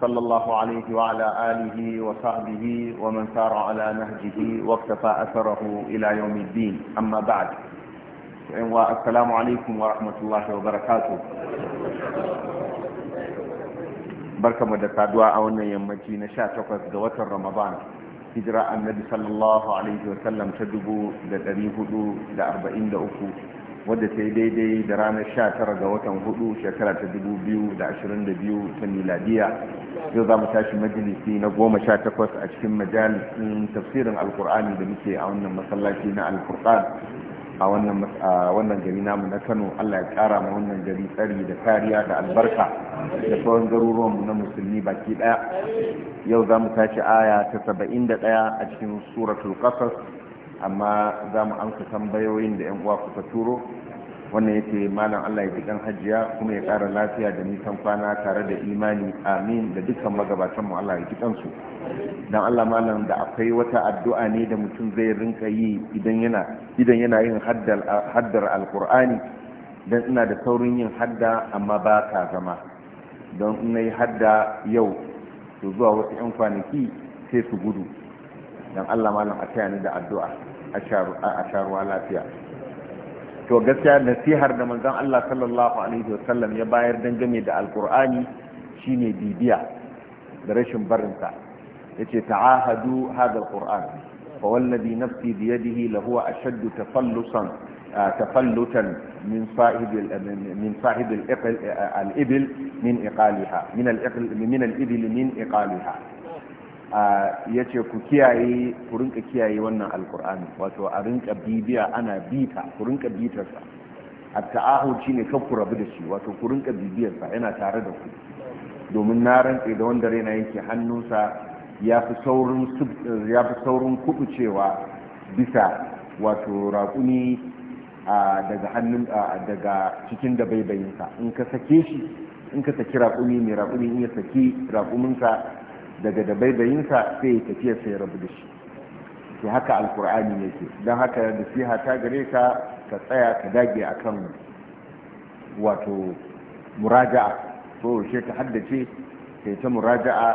صلى الله عليه وعلى آله وصحبه ومن سار على نهجه واكتفى أثره إلى يوم الدين أما بعد والسلام عليكم ورحمة الله وبركاته بركة مدى تدواء أولا يوم جينا شاتفة دوة رمضان هجراء النبي صلى الله عليه وسلم تدبو لدريه دو لأربعين دو wadda ta yi daidai da ranar 19 ga watan hudu shekara ta 2022 ta miladiya yau za mu tashi majalisi na 18 a cikin majalisun tafsirin alkur'ani da muke a wannan masallaci na alkur'an a wannan gari namu na kano allah ya kara ma wannan gari tsari da kariya da albarka da sauran mu na musulmi baki daya yau za mu tashi aya ta 71 a cikin suratul qasas amma za mu amsa tambayoyin da yan uwa kuka turo wannan yake malam Allah ya ji dan hajiya kuma ya ƙara lafiya da nisan kwana tare da imani amin da dukkan magabatanmu Allah ya ji kansu dan Allah malam da akwai wata addu'a ne da mutum zai rinka yi idan yana idan yana yin haddar haddar alqur'ani dan ina da saurin yin hadda amma ba ka zama don in yi hadda yau to zuwa wasu yan kwanaki sai su gudu Don Allah malam a ni da addu'a a sharuwa lafiya to gaskiya nasihar da manzon Allah sallallahu alaihi wasallam ya bayar dangane da alkur'ani shine bibiya da rashin barinsa yace ta'ahadu hadha alquran fa wallazi nafsi bi yadihi la huwa ashaddu tafallusan tafallutan min sahib min sahib al-ibil min iqaliha min al min al-ibil min ya ce ku kiyaye kurinka kiyaye wannan alkur'ani wato a rinka bibiya ana bita ku bitarsa a ta'ahu ne kan ku rabu da shi wato ku bibiyarsa yana tare da ku domin na rantse da wanda raina yake hannunsa ya fi saurin kubucewa bisa wato raƙuni daga hannun daga cikin da baibayinsa in ka sake shi in ka saki raƙuni mai raƙuni in ya saki raƙuminsa daga dabaibayinsa sai ya tafiya sai ya rabu da shi to haka alkur'ani yake don haka da nasiha ta gare ka ka tsaya ka dage akan wato muraja'a so shi ka haddace ka ta muraja'a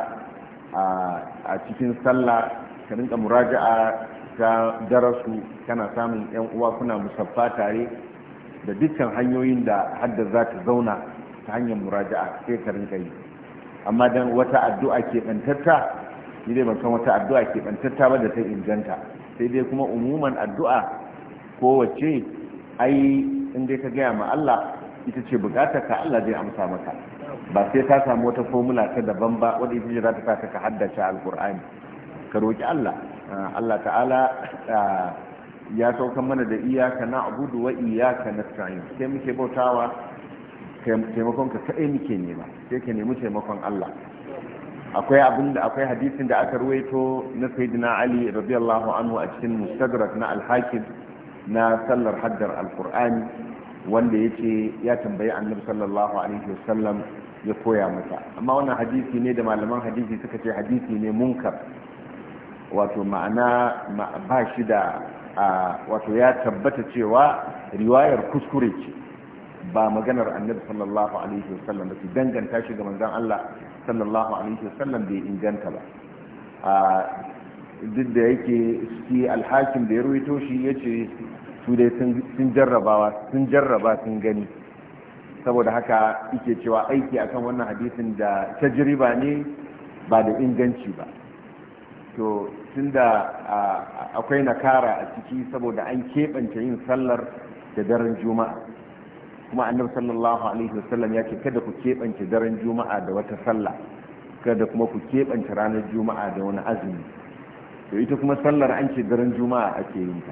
a cikin sallah ka rinka muraja'a ta darasu kana samun yan uwa kuna musaffa tare da dukkan hanyoyin da hadda za ta zauna ta hanyar muraja'a sai ka rinka yi amma dan wata addu'a ke bantatta ni dai ban san wata addu'a ke bantatta ba da ta inganta sai dai kuma umuman addu'a kowace ai in dai ka gaya ma Allah ita ce bukatar ka Allah zai amsa maka ba sai ka samu wata formula ta daban ba wanda ita ce za ta saka ka haddace alkur'ani ka roki Allah ah, Allah ta'ala ah, ya sauka mana da iyaka na abudu wa iyaka nasta'in sai muke bautawa taimakon ka kaɗai muke nema sai ka nemi taimakon Allah akwai abin da akwai hadisin da aka ruwaito na sayyidina Ali radiyallahu anhu a cikin mustadrak na al-hakim na sallar haddar al quran wanda yace ya tambayi annabi sallallahu alaihi wasallam ya koya masa amma wannan hadisi ne da malaman hadisi suka ce hadisi ne munkar wato ma'ana ba shi da wato ya tabbata cewa riwayar kuskure ce ba maganar annabi sallallahu alaihi wasallam ba su danganta shi ga manzon Allah sallallahu alaihi wasallam bai inganta ba duk da yake shi Alhakin da ya ruwaito shi yace su dai sun jarrabawa sun jarraba sun gani saboda haka yake cewa aiki akan wannan hadisin da ta tajriba ne ba da inganci ba to tunda akwai nakara a ciki saboda an keɓance yin sallar da daren juma'a kuma annabi sallallahu alaihi wasallam ya ce kada ku keɓance daren juma'a da wata sallah kada kuma ku keɓance ranar juma'a da wani azumi to ita kuma sallar an ce daren juma'a ake yin ta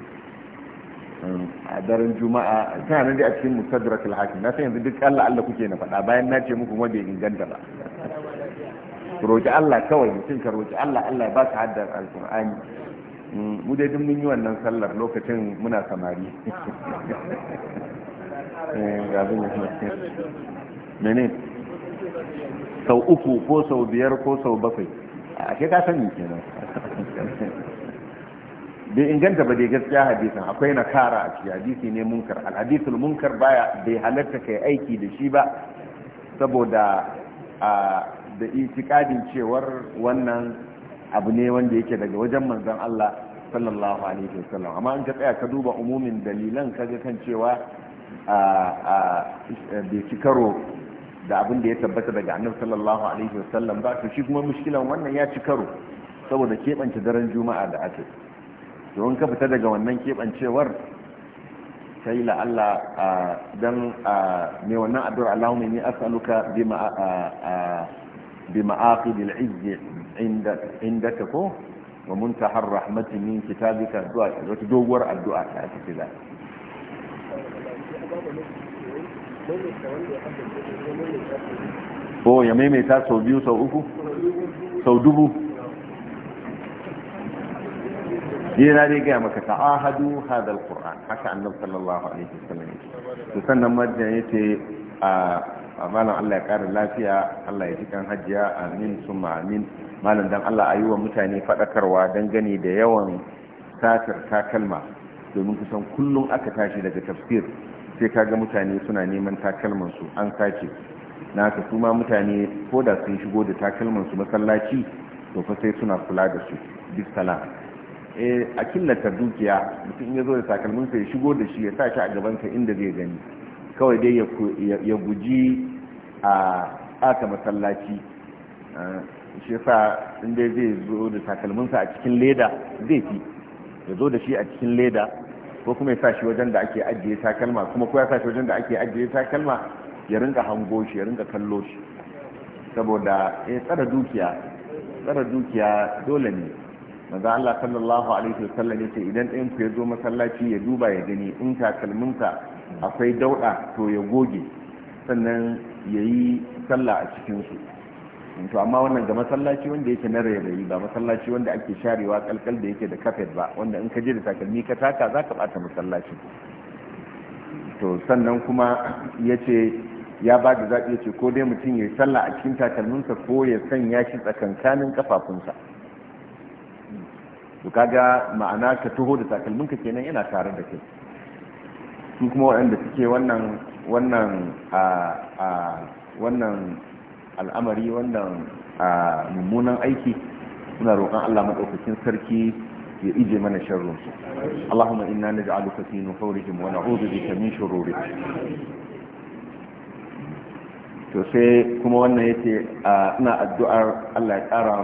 um, a daren juma'a tana nan dai a cikin musaddarat al-hakim na san yanzu duk Allah Allah kuke na faɗa bayan na ce muku wanda ya inganta ba roki Allah kawai mutum ka roki Allah Allah ba baka haddar alqur'ani um, mu dai duk mun yi wannan sallar lokacin muna samari Eh, mene sau uku ko sau biyar ko sau bakwai a ke kenan bai inganta ba dai gaskiya hadisin akwai na kara a ciki hadisi ne munkar alhadisul munkar baya bai halatta kai aiki da shi ba saboda a da itikadin cewar wannan abu ne wanda yake daga wajen manzon Allah sallallahu alaihi wasallam amma an ka tsaya ka duba umumin dalilan kaga kan cewa bai karo da abin da ya tabbata daga annabi sallallahu alaihi wasallam ba to shi kuma mushkilan wannan ya ci karo saboda kebance daren juma'a da ake to in ka fita daga wannan kebancewar sai la Allah dan mai wannan addu'ar Allahumma inni as'aluka bima bima aqidil izz inda indaka ko wa muntahar rahmatin min kitabika addu'a wata doguwar addu'a ta ake da Ko oh, ya maimaita sau biyu sau uku sau dubu yana dai gaya maka ahadu hadal qur'an haka annabi sallallahu alaihi wasallam to sannan ya yace a malam Allah ya kara lafiya Allah ya ji kan hajjiya amin summa amin malam dan Allah ayi wa mutane fadakarwa dangane da yawan satar kalma, domin kusan kullum aka tashi daga tafsir sai kaga mutane suna neman takalmansu an sace na ka su ma mutane ko da sun shigo da takalmansu masallaci to fa sai suna kula da su duk sala eh a killata dukiya mutum ya zo da takalminsa ya shigo da shi ya sa shi a ka inda zai gani kawai dai ya guji a aka masallaci eh, shi yasa inda zai zo da takalminsa a cikin leda zai fi ya zo da shi a cikin leda ko kuma ya sa shi wajen da ake ajiye takalma kuma ko ya sa wajen da ake ajiye takalma ya rinka hango shi ya rinka kallo shi saboda ya eh, tsara dukiya tsara dukiya dole ne maza Allah sallallahu alaihi wasallam yace idan ɗayan ku ya zo masallaci ya duba ya gani in ka akwai dauɗa to ya goge sannan ya yi sallah a cikinsu to amma wannan ga masallaci wanda yake na rairayi ba masallaci wanda ake sharewa kalkal da yake da kafet ba wanda in ka je da takalmi ka taka za ka bata masallaci to sannan kuma ya ce ya ba da zaɓi ya ce ko dai mutum ya yi sallah a cikin takalminsa ko ya sanya shi tsakankanin kafafunsa to kaga ma'ana ka taho da takalminka kenan yana tare da kai su kuma waɗanda suke wannan wannan a wannan al'amari wannan mummunan aiki suna roƙon Allah maɗaukacin sarki ya ije mana sharrin su Allahumma inna naj'aluka fi nufurihim wa na'udhu bika min shururihim to sai kuma wannan yace ina addu'ar Allah ya ƙara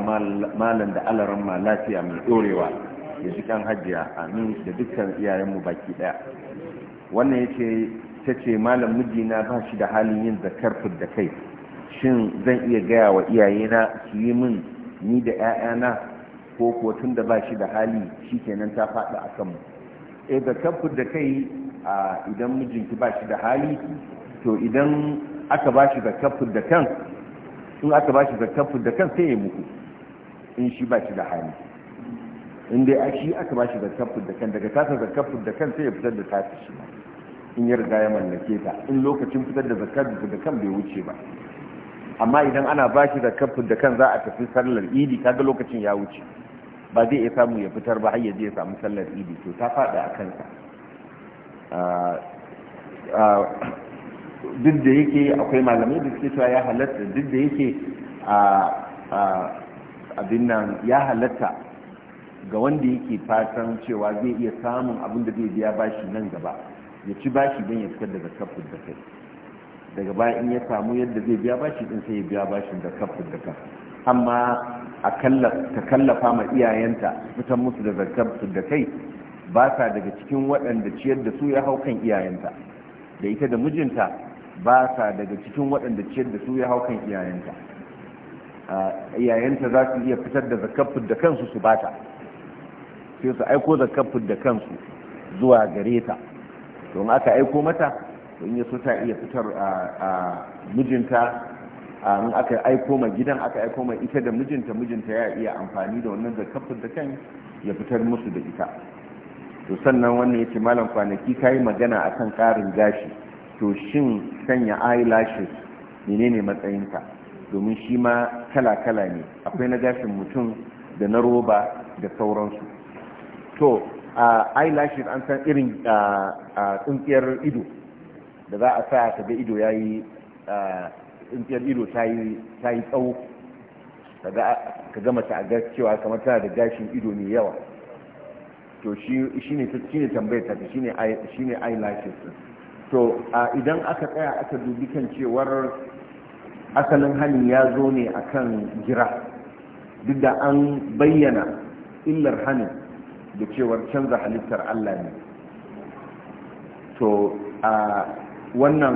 malan da alaran ma lafiya mai ɗorewa, ya ji kan hajiya amin da dukkan mu baki ɗaya. wannan yace tace malam mijina ba shi da halin yin zakar da kai shin zan iya gaya wa iyayena su yi min ni da 'ya'yana ko ko tun da ba shi da hali shi kenan ta faɗi a kanmu E da kafin da kai a idan mijinki ba shi da hali to idan aka ba shi da kafin da kan in aka ba shi da kafin da kan sai ya muku in shi ba shi da hali in dai a shi aka ba shi da kafin da kan daga tasa da kafin da kan sai ya fitar da tasa shi in ya riga ya mallake ta in lokacin fitar da zakar da kan bai wuce ba amma idan ana ba shi kafin da kan za a tafi sallar idi kaga lokacin ya wuce ba zai iya samu ya fitar ba har ya samu sallar idi to ta fada a kansa duk da yake akwai malamai da suke cewa ya halatta duk da yake abin nan ya halatta ga wanda yake fatan cewa zai iya samun abin da zai biya bashi nan gaba ya ci bashi don ya fitar da zakar da kai daga baya in ya samu yadda zai biya bashi din sai ya biya bashin da kafin da kan amma a ta kallafa ma iyayenta fitan musu da zakar su da kai ba sa daga cikin waɗanda ciyar da su ya hau kan iyayenta da ita da mijinta ba sa daga cikin waɗanda ciyar da su ya hau kan iyayenta iyayenta za su iya fitar da zakar da kansu su bata sai su aiko zakar da kansu zuwa gare ta don aka aiko mata in ya so ta iya fitar a mijinta in aka aiko mai gidan aka aiko mai ita da mijinta mijinta ya iya amfani da wannan zakafin da kan ya fitar musu da ita to sannan wannan ya ce malam kwanaki ka yi magana a kan ƙarin gashi to shin sanya eyelashes menene matsayinka domin shi ma kala-kala ne akwai na gashin mutum da na roba da sauransu to eyelashes an san irin tsintsiyar ido da za a sa ka ga ido ya yi tsintsiyar ido ta yi tsawo ka gama ta ga cewa kamar tana da gashin ido mai yawa to shi ne tambayar ta shi ne eyelashes to idan aka tsaya aka dubi kan cewar asalin hali ya zo ne akan jira duk da an bayyana illar hannun da cewar canza halittar allah ne to wannan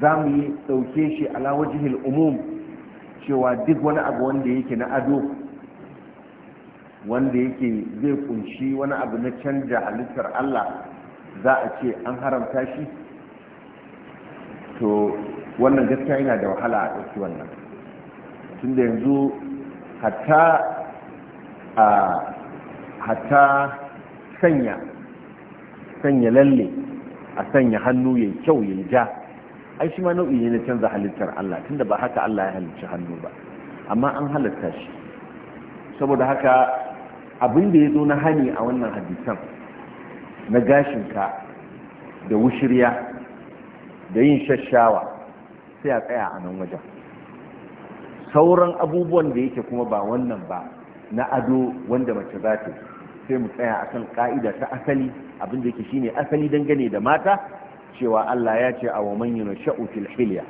za mu yi ɗauke shi alawajihil umum cewa duk wani abu wanda yake na ado wanda yake zai kunshi wani abu na canja halittar allah za a ce an haramta shi to wannan gaskiya yana da wahala a ɗauki wannan tun da yanzu hatta a hatta sanya sanya lalle a sanya hannu ya kyau ya ja ai shi ma nau'i ne na canza halittar Allah tunda ba haka Allah ya halicci hannu ba amma an halitta shi saboda haka abin da ya zo na hani a wannan hadisan na gashinka da wushirya da yin shashawa sai a tsaya a nan wajen sauran abubuwan da yake kuma ba wannan ba na ado wanda mace za ta yi sai mu tsaya akan ka'ida ta asali abin da yake shine asali dangane da mata cewa Allah ya ce a wa manyan shau fil hilya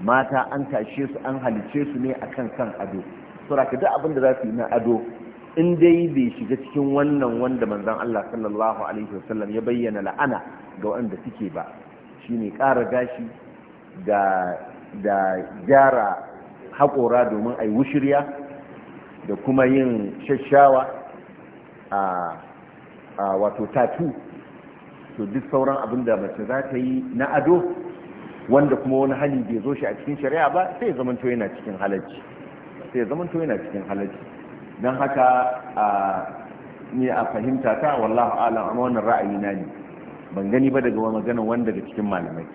mata an tashe su an halice su ne akan kan ado sura ka duk abin da za su yi na ado in dai bai shiga cikin wannan wanda manzon Allah sallallahu alaihi wasallam ya bayyana la'ana ga wanda suke ba shine ƙara gashi da da gyara haƙora domin a yi wushirya da kuma yin shashawa a wato tatu to duk sauran abin da mace za ta yi na ado wanda kuma wani hali bai zo shi a cikin shari'a ba sai zamanto yana cikin halarci sai zamanto yana cikin halarci don haka a ne a fahimta ta wallahu alam amma wannan ra'ayi na ne ban gani ba daga magana wanda daga cikin malamai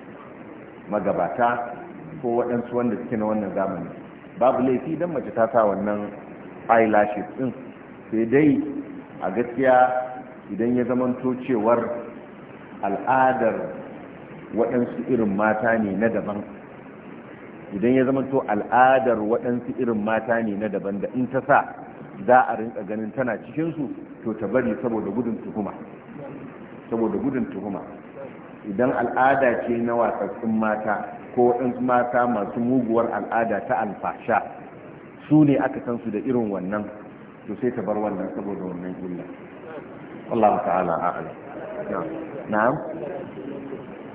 magabata ko waɗansu wanda suke na wannan zamani babu laifi dan mace ta sa wannan eyelashes din sai dai a gaskiya idan ya zama cewar al'adar waɗansu irin mata ne na daban idan ya to al'adar waɗansu irin mata ne na daban da in ta sa za a rinka ganin tana cikinsu to ta bari saboda gudun tuhuma saboda gudun tuhuma idan al'ada ce na watsatsun mata ko waɗansu mata masu muguwar al'ada ta alfasha su ne aka san su da irin wannan to sai ta bar wannan saboda wannan illa Allah ta'ala a'ala na'am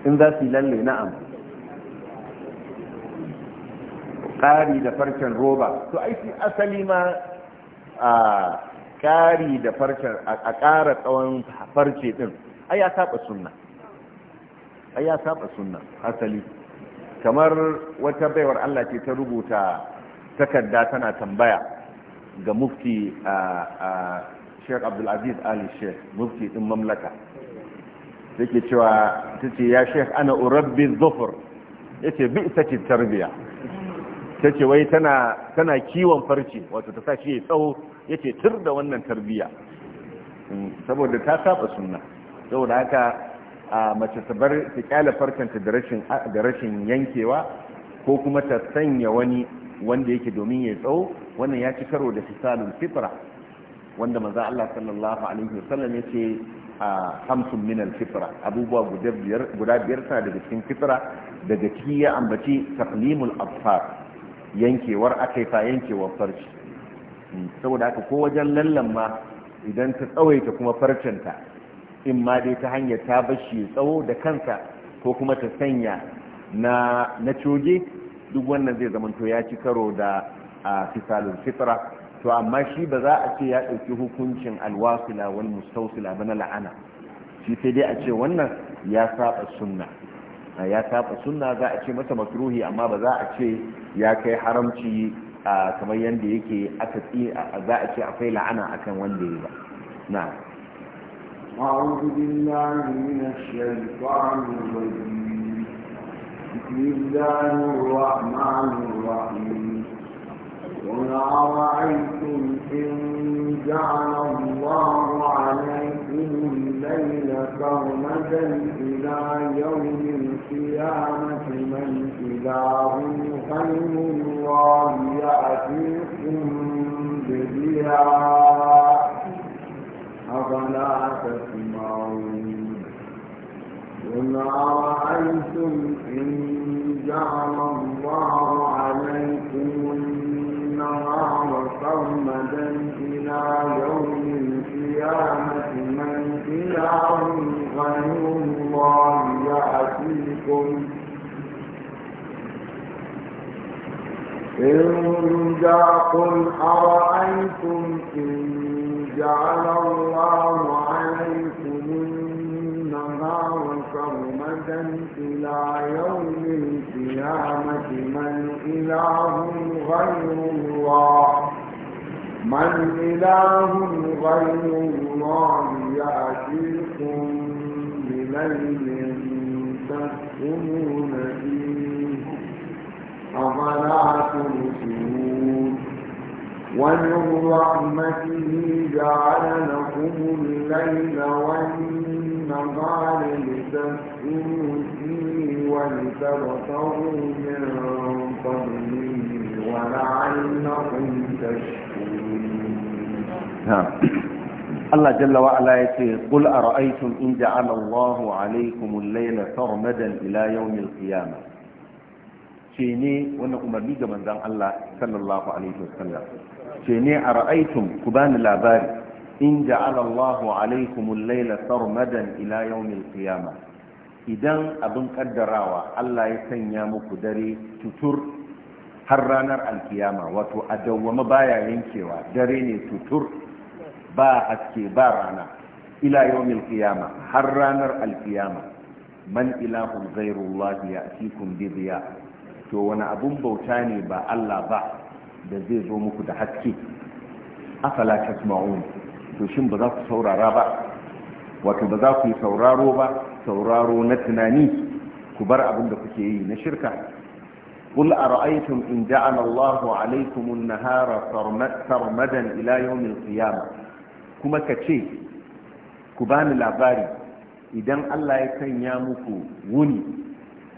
in za su yi lalle na'am Kari da farcen roba to aiki asali ma a kari da farcen a ƙara tsawon farce din, ai ya saba sunna ai ya saba sunna asali kamar wata baiwar Allah ce ta rubuta takarda tana tambaya ga mufti a sheik abdulaziz ali sheik mufti din mamlaka yake cewa ta ce ya sheik ana urabbi zufur ya ce bi ita tarbiya ta ce wai tana kiwon farce wato ta sa shi ya tsawo ya ce tur da wannan tarbiya mm, saboda ta saba suna saboda haka a mace ta bar ta kyala farkanta da rashin yankewa ko kuma ta sanya wani wanda yake domin ya tsawo wannan ya ci karo da fisalin fitra wanda maza Allah sallallahu alaihi wasallam ya ce a hamsin minal fitra abubuwa guda biyar tana daga cikin fitra daga ciki ya ambaci taqlimul afsar yankewar akaifa yankewar farci hmm, saboda haka ko wajen lallan ma idan ta tsawaita kuma farcinta in ma dai ta hanyar ta bashi tsawo da kansa ko kuma ta sanya na coge duk wannan zai zamanto ya ci karo da fisalin fitra to amma shi ba za a ce ya ɗauki hukuncin alwasila wal mustausila ba na la'ana shi sai dai a ce wannan ya saba sunna ya saba sunna za a ce masa makruhi amma ba za a ce ya kai haramci kamar yadda yake aka tsi za a ce akwai la'ana akan wanda ya ba na أعوذ بالله من الشيطان الرجيم بسم الله الرحمن الرحيم قل أرأيتم إن جعل الله عليكم الليل سرمدا إلى يوم القيامة من إله خير الله يأتيكم بضياء أفلا تسمعون قل أرأيتم إن جعل الله عليكم النهار سرمدا إلى يوم القيامة من إله غير الله يأتيكم إن جاء قل أرأيتم إن جعل الله عليكم إلى يوم القيامة من إله غير الله من إله غير الله يأتيكم بليل تسكنون فيه أفلا تبصرون ومن رحمته جعل لكم الليل والنهار مَعَالِي تَسْكُنُونِ وَلِتَبْتَغُوا مِن فَضْلِهِ وَلَعَلَّكُمْ تَشْكُرُونَ نعم. الله جل وعلا يقول قل أرأيتم إن جعل الله عليكم الليل سرمدا إلى يوم القيامة شيني ونقوم بيجا من الله صلى الله عليه وسلم شيني أرأيتم كبان الأباري in ja'ala Allahu alaikum al-laila sarmadan ila yawmil qiyamah idan abin kaddarawa Allah ya sanya muku dare tutur har ranar alkiyama wato a dawwama baya yankewa dare ne tutur ba haske ba rana ila yawmil qiyama har ranar alkiyama man ilahun ghairullah ya'tikum bi diya to wani abun bauta ne ba Allah ba da zai zo muku da haske afala tasma'un shi shin ba za ku saurara ba wato ba za ku yi sauraro ba sauraro na tunani ku bar abin da kuke yi na shirka قل أرأيتم إن جعل الله عليكم النهار سرمدا إلى يوم القيامة كما كتشي كبان labari idan Allah ya sanya muku wuni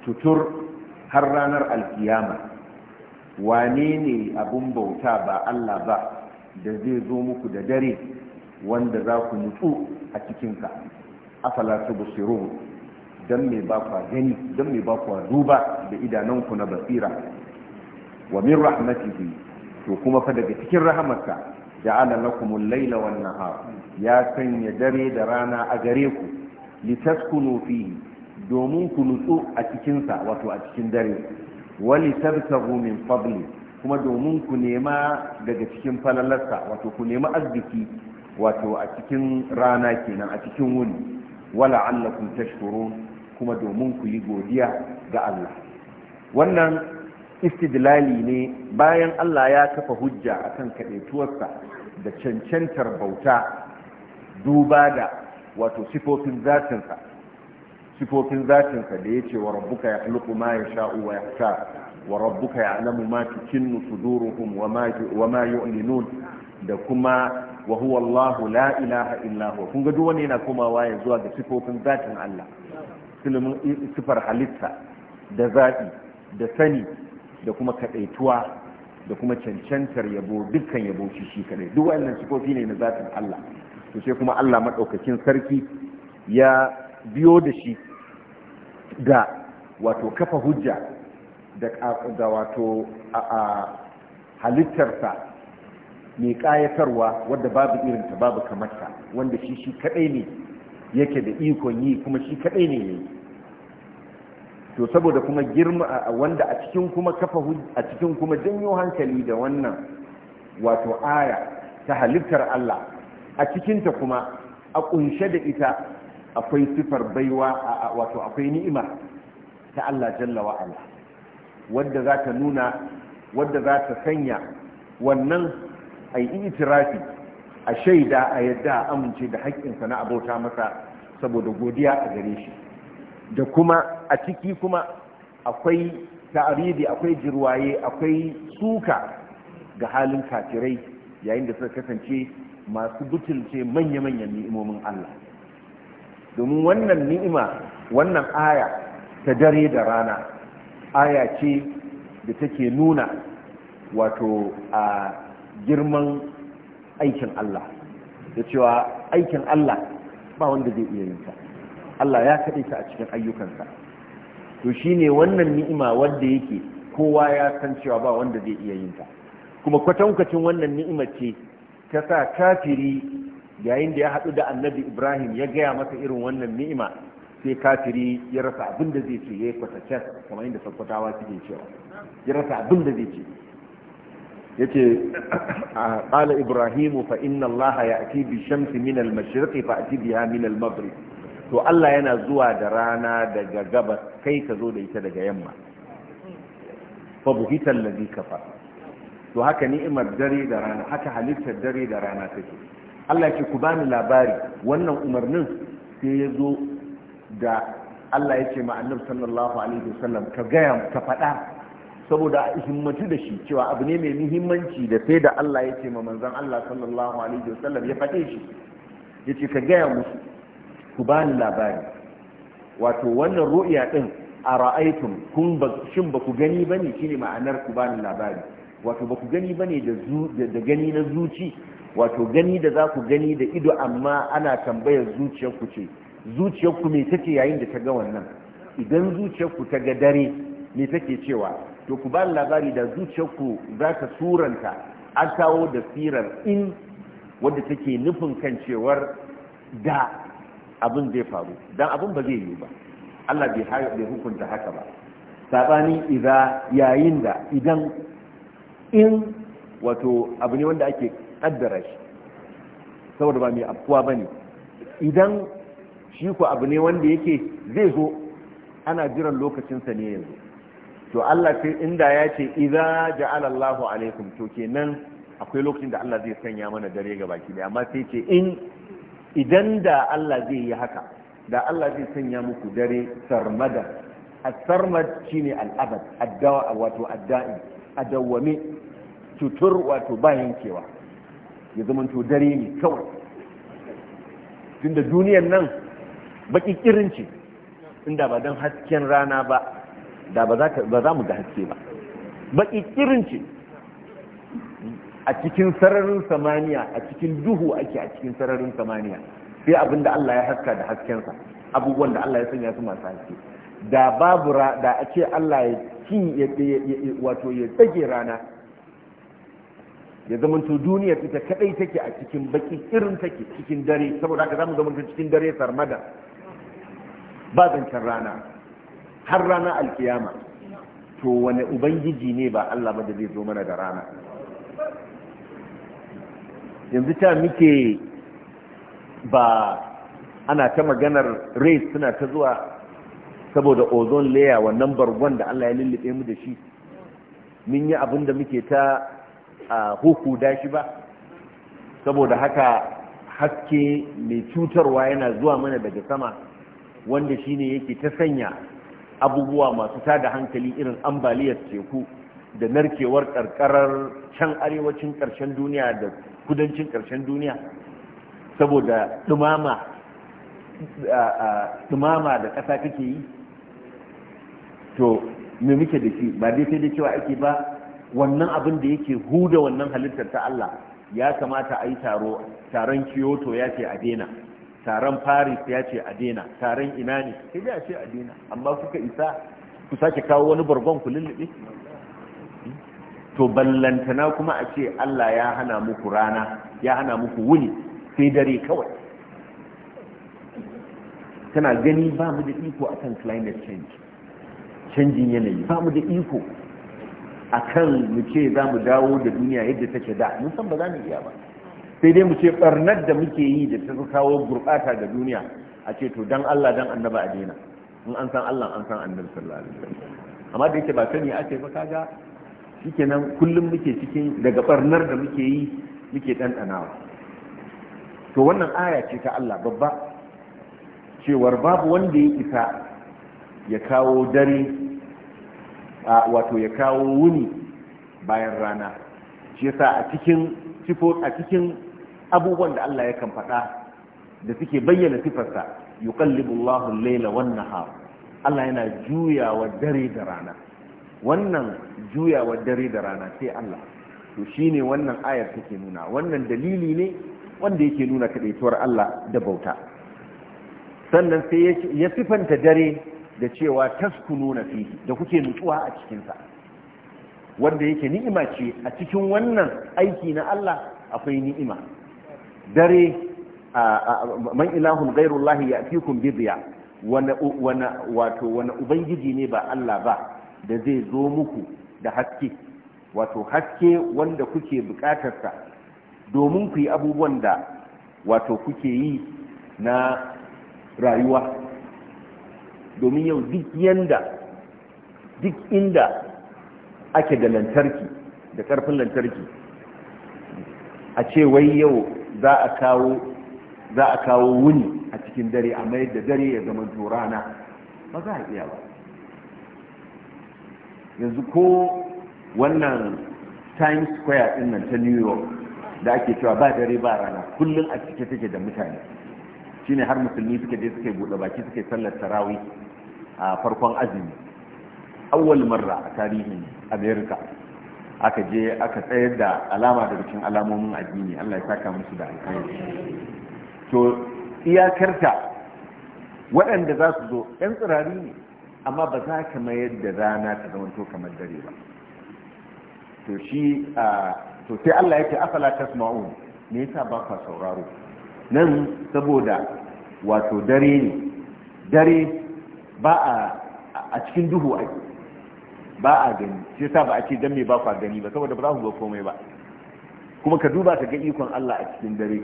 tutur har ranar alkiyama Wanene ne abun bauta ba Allah ba da zai zo muku da dare wanda za ku nutsu a cikinsa afala tubsirun don me ba ku gani Don me ba ku duba da idananku na basira wa min rahmatihi to kuma fa daga cikin rahamarsa ja'ala lakum al-layla wan nahar ya sanya dare da rana a gare ku litaskunu fihi domin ku nutsu a cikinsa wato a cikin dare wali tabtagu min fadli kuma domin ku nema daga cikin falalarsa wato ku nema arziki wato a cikin rana kenan a cikin wuni wala allakun tashkurun kuma domin ku yi godiya ga Allah wannan istidlali ne bayan Allah ya kafa hujja akan kaɗaituwarsa da cancantar bauta duba da wato sifofin zatinsa sifofin zatinsa da ya ce wa rabbuka ya halittu ma ya sha'u wa ya wa rabbuka ya alamu ma tukinnu suduruhum wa ma yu'linun da kuma wa huwa Allahu la ilaha illa huwa kun ga duk yana komawa ya zuwa ga sifofin zatin Allah ilimin sifar halitta da zaɓi da sani da kuma kaɗaituwa da kuma cancantar yabo dukkan yabo shi shi kaɗai duk wannan sifofi ne na zatin Allah to sai kuma Allah maɗaukakin sarki ya biyo da shi da wato kafa hujja da wato halittarsa mai ƙayatarwa wadda babu irinta babu kamarta wanda shi shi kadai ne yake da ikon yi kuma shi kadai ne ne to saboda kuma girma wanda a cikin kuma kafa a cikin kuma janyo hankali da wannan wato aya ta halittar Allah a cikinta kuma a kunshe da ita akwai sifar baiwa wato akwai ni'ima ta Allah jalla wa Allah wadda za ta nuna wadda za ta sanya wannan a yi itirafi a shaida a yadda a amince da haƙƙinsa na abota masa saboda godiya a gare shi da kuma a ciki kuma akwai ta'aridi akwai jirwaye akwai suka ga halin kafirai yayin da suka kasance masu butulce manya-manyan ni'imomin Allah domin wannan ni'ima wannan aya ta dare da rana aya ce da take nuna wato a girman aikin Allah da cewa aikin Allah ba wanda zai iya yin Allah ya kaɗe ta a cikin ayyukansa to shi ne wannan ni'ima wanda yake kowa ya san cewa ba wanda zai iya yin kuma kwatankwacin wannan ni'ima ce ta sa kafiri yayin da ya haɗu da annabi Ibrahim ya gaya masa irin wannan ni'ima sai kafiri ya rasa abin da zai ce ya yi kwatacen kamar yadda sakkwatawa suke cewa ya rasa abin da zai ce yace qala ibrahim fa inna allaha ya'ti bi shamsi min al fa ake biya min al-maghrib to Allah yana zuwa da rana daga gabas kai ka zo da ita daga yamma fa buhita alladhi kafa to haka ni'imar dare da rana haka halittar dare da rana take Allah yake ku bani labari wannan umarnin sai ya zo da Allah ce ma annabi sallallahu alaihi wasallam ka ga ka faɗa saboda a himmatu da shi cewa abu ne mai muhimmanci da sai da Allah ya ce ma manzon Allah sallallahu alaihi wasallam ya faɗe shi ya ce ka gaya musu ku bani labari wato wannan ru'ya din a ra'aitum kun ba shin ba ku gani bane shine ma'anar ku bani labari wato ba ku gani bane da da gani na zuci wato gani da za ku gani da ido amma ana tambayar zuciyarku ce zuciyarku me take yayin da ta ga wannan idan zuciyarku ta ga dare me take cewa to ku ba labari da zuciyarku za ta suranta an kawo da sirar in wadda take nufin kan cewar da abin zai faru don abin ba zai yi ba Allah bai hukunta haka ba sabani iza yayin da idan in wato abu ne wanda ake kaddara shi saboda ba mai afkuwa ba ne idan shi ku abu ne wanda yake zai zo ana jiran lokacinsa ne yanzu to Allah sai inda ya ce idza ja'ala Allahu alaikum to kenan akwai lokacin da Allah zai sanya mana dare ga baki da amma sai ce in idan da Allah zai yi haka da Allah zai sanya muku dare sarmada as-sarmad shine al-abad ad-dawa wato ad-da'i adawwami tutur wato bayan ya zama to dare ne kawai tunda duniyar nan baki kirin ce inda ba don hasken rana ba da ba za mu ga haske ba ba kirin ce a cikin sararin samaniya a cikin duhu ake a cikin sararin samaniya sai abin da Allah ya haska da haskensa abubuwan da Allah ya sanya su masu haske da babu da a ce Allah ya cin wato ya tsage rana ya zamanto duniya ita kadai take a cikin baki irin take cikin dare saboda haka zamu zama cikin dare sarmada ba zancen rana har rana alkiyama to wani ubangiji ne ba Allah ba da zai zo mana da rana yanzu ta muke ba ana ta maganar race suna ta zuwa saboda ozon layer wa number da Allah ya lullube mu da shi mun yi abin da muke ta huku da shi ba saboda haka haske mai cutarwa yana zuwa mana daga sama wanda shine yake ta sanya abubuwa masu tada hankali irin ambaliyar teku da narkewar karkarar can arewacin karshen duniya da kudancin karshen duniya saboda dumama da ƙasa kake yi to me muke da shi ba dai sai da cewa ake ba wannan abin da yake huda wannan halittar ta Allah ya kamata a yi taron Kyoto ya ce a daina taron paris ya ce a daina taron ina ne sai a ce a daina amma suka isa ku sake kawo wani bargon ku lullube to ballantana kuma a ce allah ya hana muku rana ya hana muku wuni sai dare kawai tana gani ba mu da iko a kan climate change canjin yanayi ba mu da iko akan mu ce za mu dawo da duniya yadda take da mun san ba za mu iya ba sai dai mu ce barnar da muke yi da ta kawo gurbata ga duniya a ce to dan Allah dan annaba a daina in an san Allah an san annabi sallallahu alaihi wasallam amma da yake ba sani ake ba kaga shikenan kullum muke cikin daga barnar da muke yi muke ɗanɗanawa to wannan aya ce ta Allah babba cewar babu wanda ya isa ya kawo dare a wato ya kawo wuni bayan rana shi yasa a cikin a cikin abubuwan da Allah yakan faɗa da suke bayyana sifarsa yuqallibu Allahu al-laila wan nahar Allah yana juyawa dare da rana wannan juyawa dare da rana sai Allah to shine wannan ayar take nuna wannan dalili ne wanda yake nuna kadaituwar Allah da bauta sannan sai ya sifanta dare da cewa taskununa fihi da kuke nutsuwa a cikin sa wanda yake ni'ima ce a cikin wannan aiki na Allah akwai ni'ima dare man ilahun gairullahi ya fi kun bibiya wato wani ubangiji ne ba Allah ba da zai zo muku da haske wato haske wanda kuke bukatarsa domin ku yi abubuwan da wato kuke yi na rayuwa domin yau duk yanda duk inda ake da lantarki da karfin lantarki a ce wai yau za a kawo wuni a cikin dare a mayar da dare ya zama rana ba za a iya ba yanzu ko wannan times square din nan ta new york da ake cewa ba dare ba rana kullum a cike take da mutane shine har musulmi suka je suka buɗe baki suka sallar tarawih a farkon azumi awwal marra a tarihin america aka je aka tsayar da alama da cikin alamomin addini Allah ya saka musu da alkhairi to iyakarta waɗanda za su zo ɗan tsirari ne amma ba za ka mayar da rana ta zamanto kamar dare ba to shi to sai Allah yake afala tasma'u me yasa ba ka sauraro nan saboda wato dare ne dare ba a cikin duhu ake ba a gani sai ta ba a ce dan me ba ku gani ba saboda ba za ku ga komai ba kuma ka duba ka ga ikon Allah a cikin dare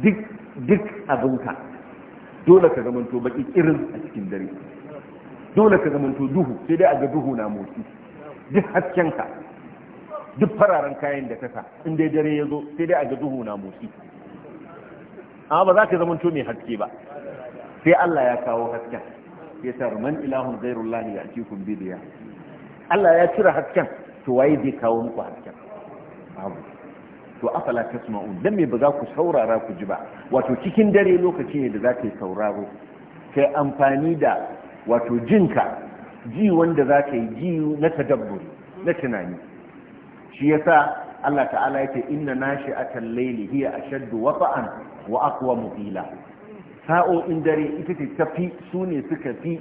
duk duk abinka dole ka zamanto baki irin a cikin dare dole ka zamanto duhu sai dai a ga duhu na motsi duk haskenka duk fararen kayan da kasa in dai dare ya zo sai dai a ga duhu na motsi amma ba za ka zamanto mai haske ba sai Allah ya kawo hasken ya sa man ilahun ghairullah ya atikum bidiya Allah ya cire hasken to waye zai kawo muku hasken babu to afala tasma'un dan me ba za ku saurara ku ji ba wato cikin dare lokaci ne da za ka yi sauraro kai amfani da wato jinka ji wanda za ka yi ji na tadabburi na tunani shi yasa Allah ta'ala yake inna nashi'atal layli hiya ashaddu waqa'an wa aqwa muqila sa'o'in dare ita ce tafi sune suka fi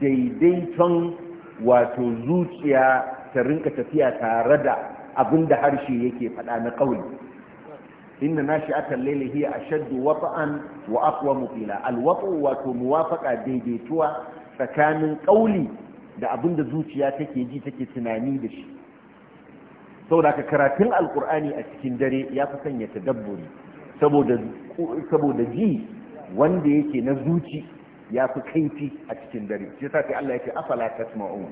daidaiton wato zuciya ta rinka tafiya tare da abinda da harshe yake faɗa na ƙauli inna nashi'at al-layli hiya ashaddu wata'an wa aqwa mutila al-wata'u wato muwafaqa daidaituwa tsakanin ƙauli da abin da zuciya take ji take tunani da shi Sau ka karatun alkur'ani a cikin dare ya fi sanya tadabburi saboda saboda ji wanda yake na zuci ya fi kaifi a cikin dare shi yasa sai Allah ya ce afala tasma'un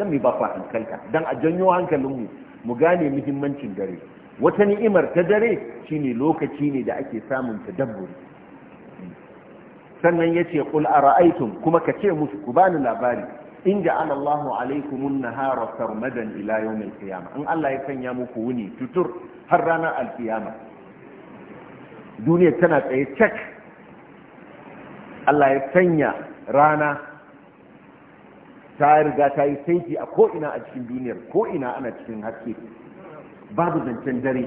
dan mi ba fa hankalka dan a janyo hankalin mu mu gane muhimmancin dare wata ni'imar ta dare shine lokaci ne da ake samun tadabburi sannan yace qul ara'aytum kuma ka ce musu ku bani labari in ja'ala Allahu alaykumun nahara sarmadan ila yawmil qiyamah in Allah ya sanya muku wuni tutur har ranar alkiyama duniya tana tsaye cak Allah ya sanya rana ta riga ta yi saiti a ko'ina a cikin duniyar ko'ina ana cikin haske babu zancen dare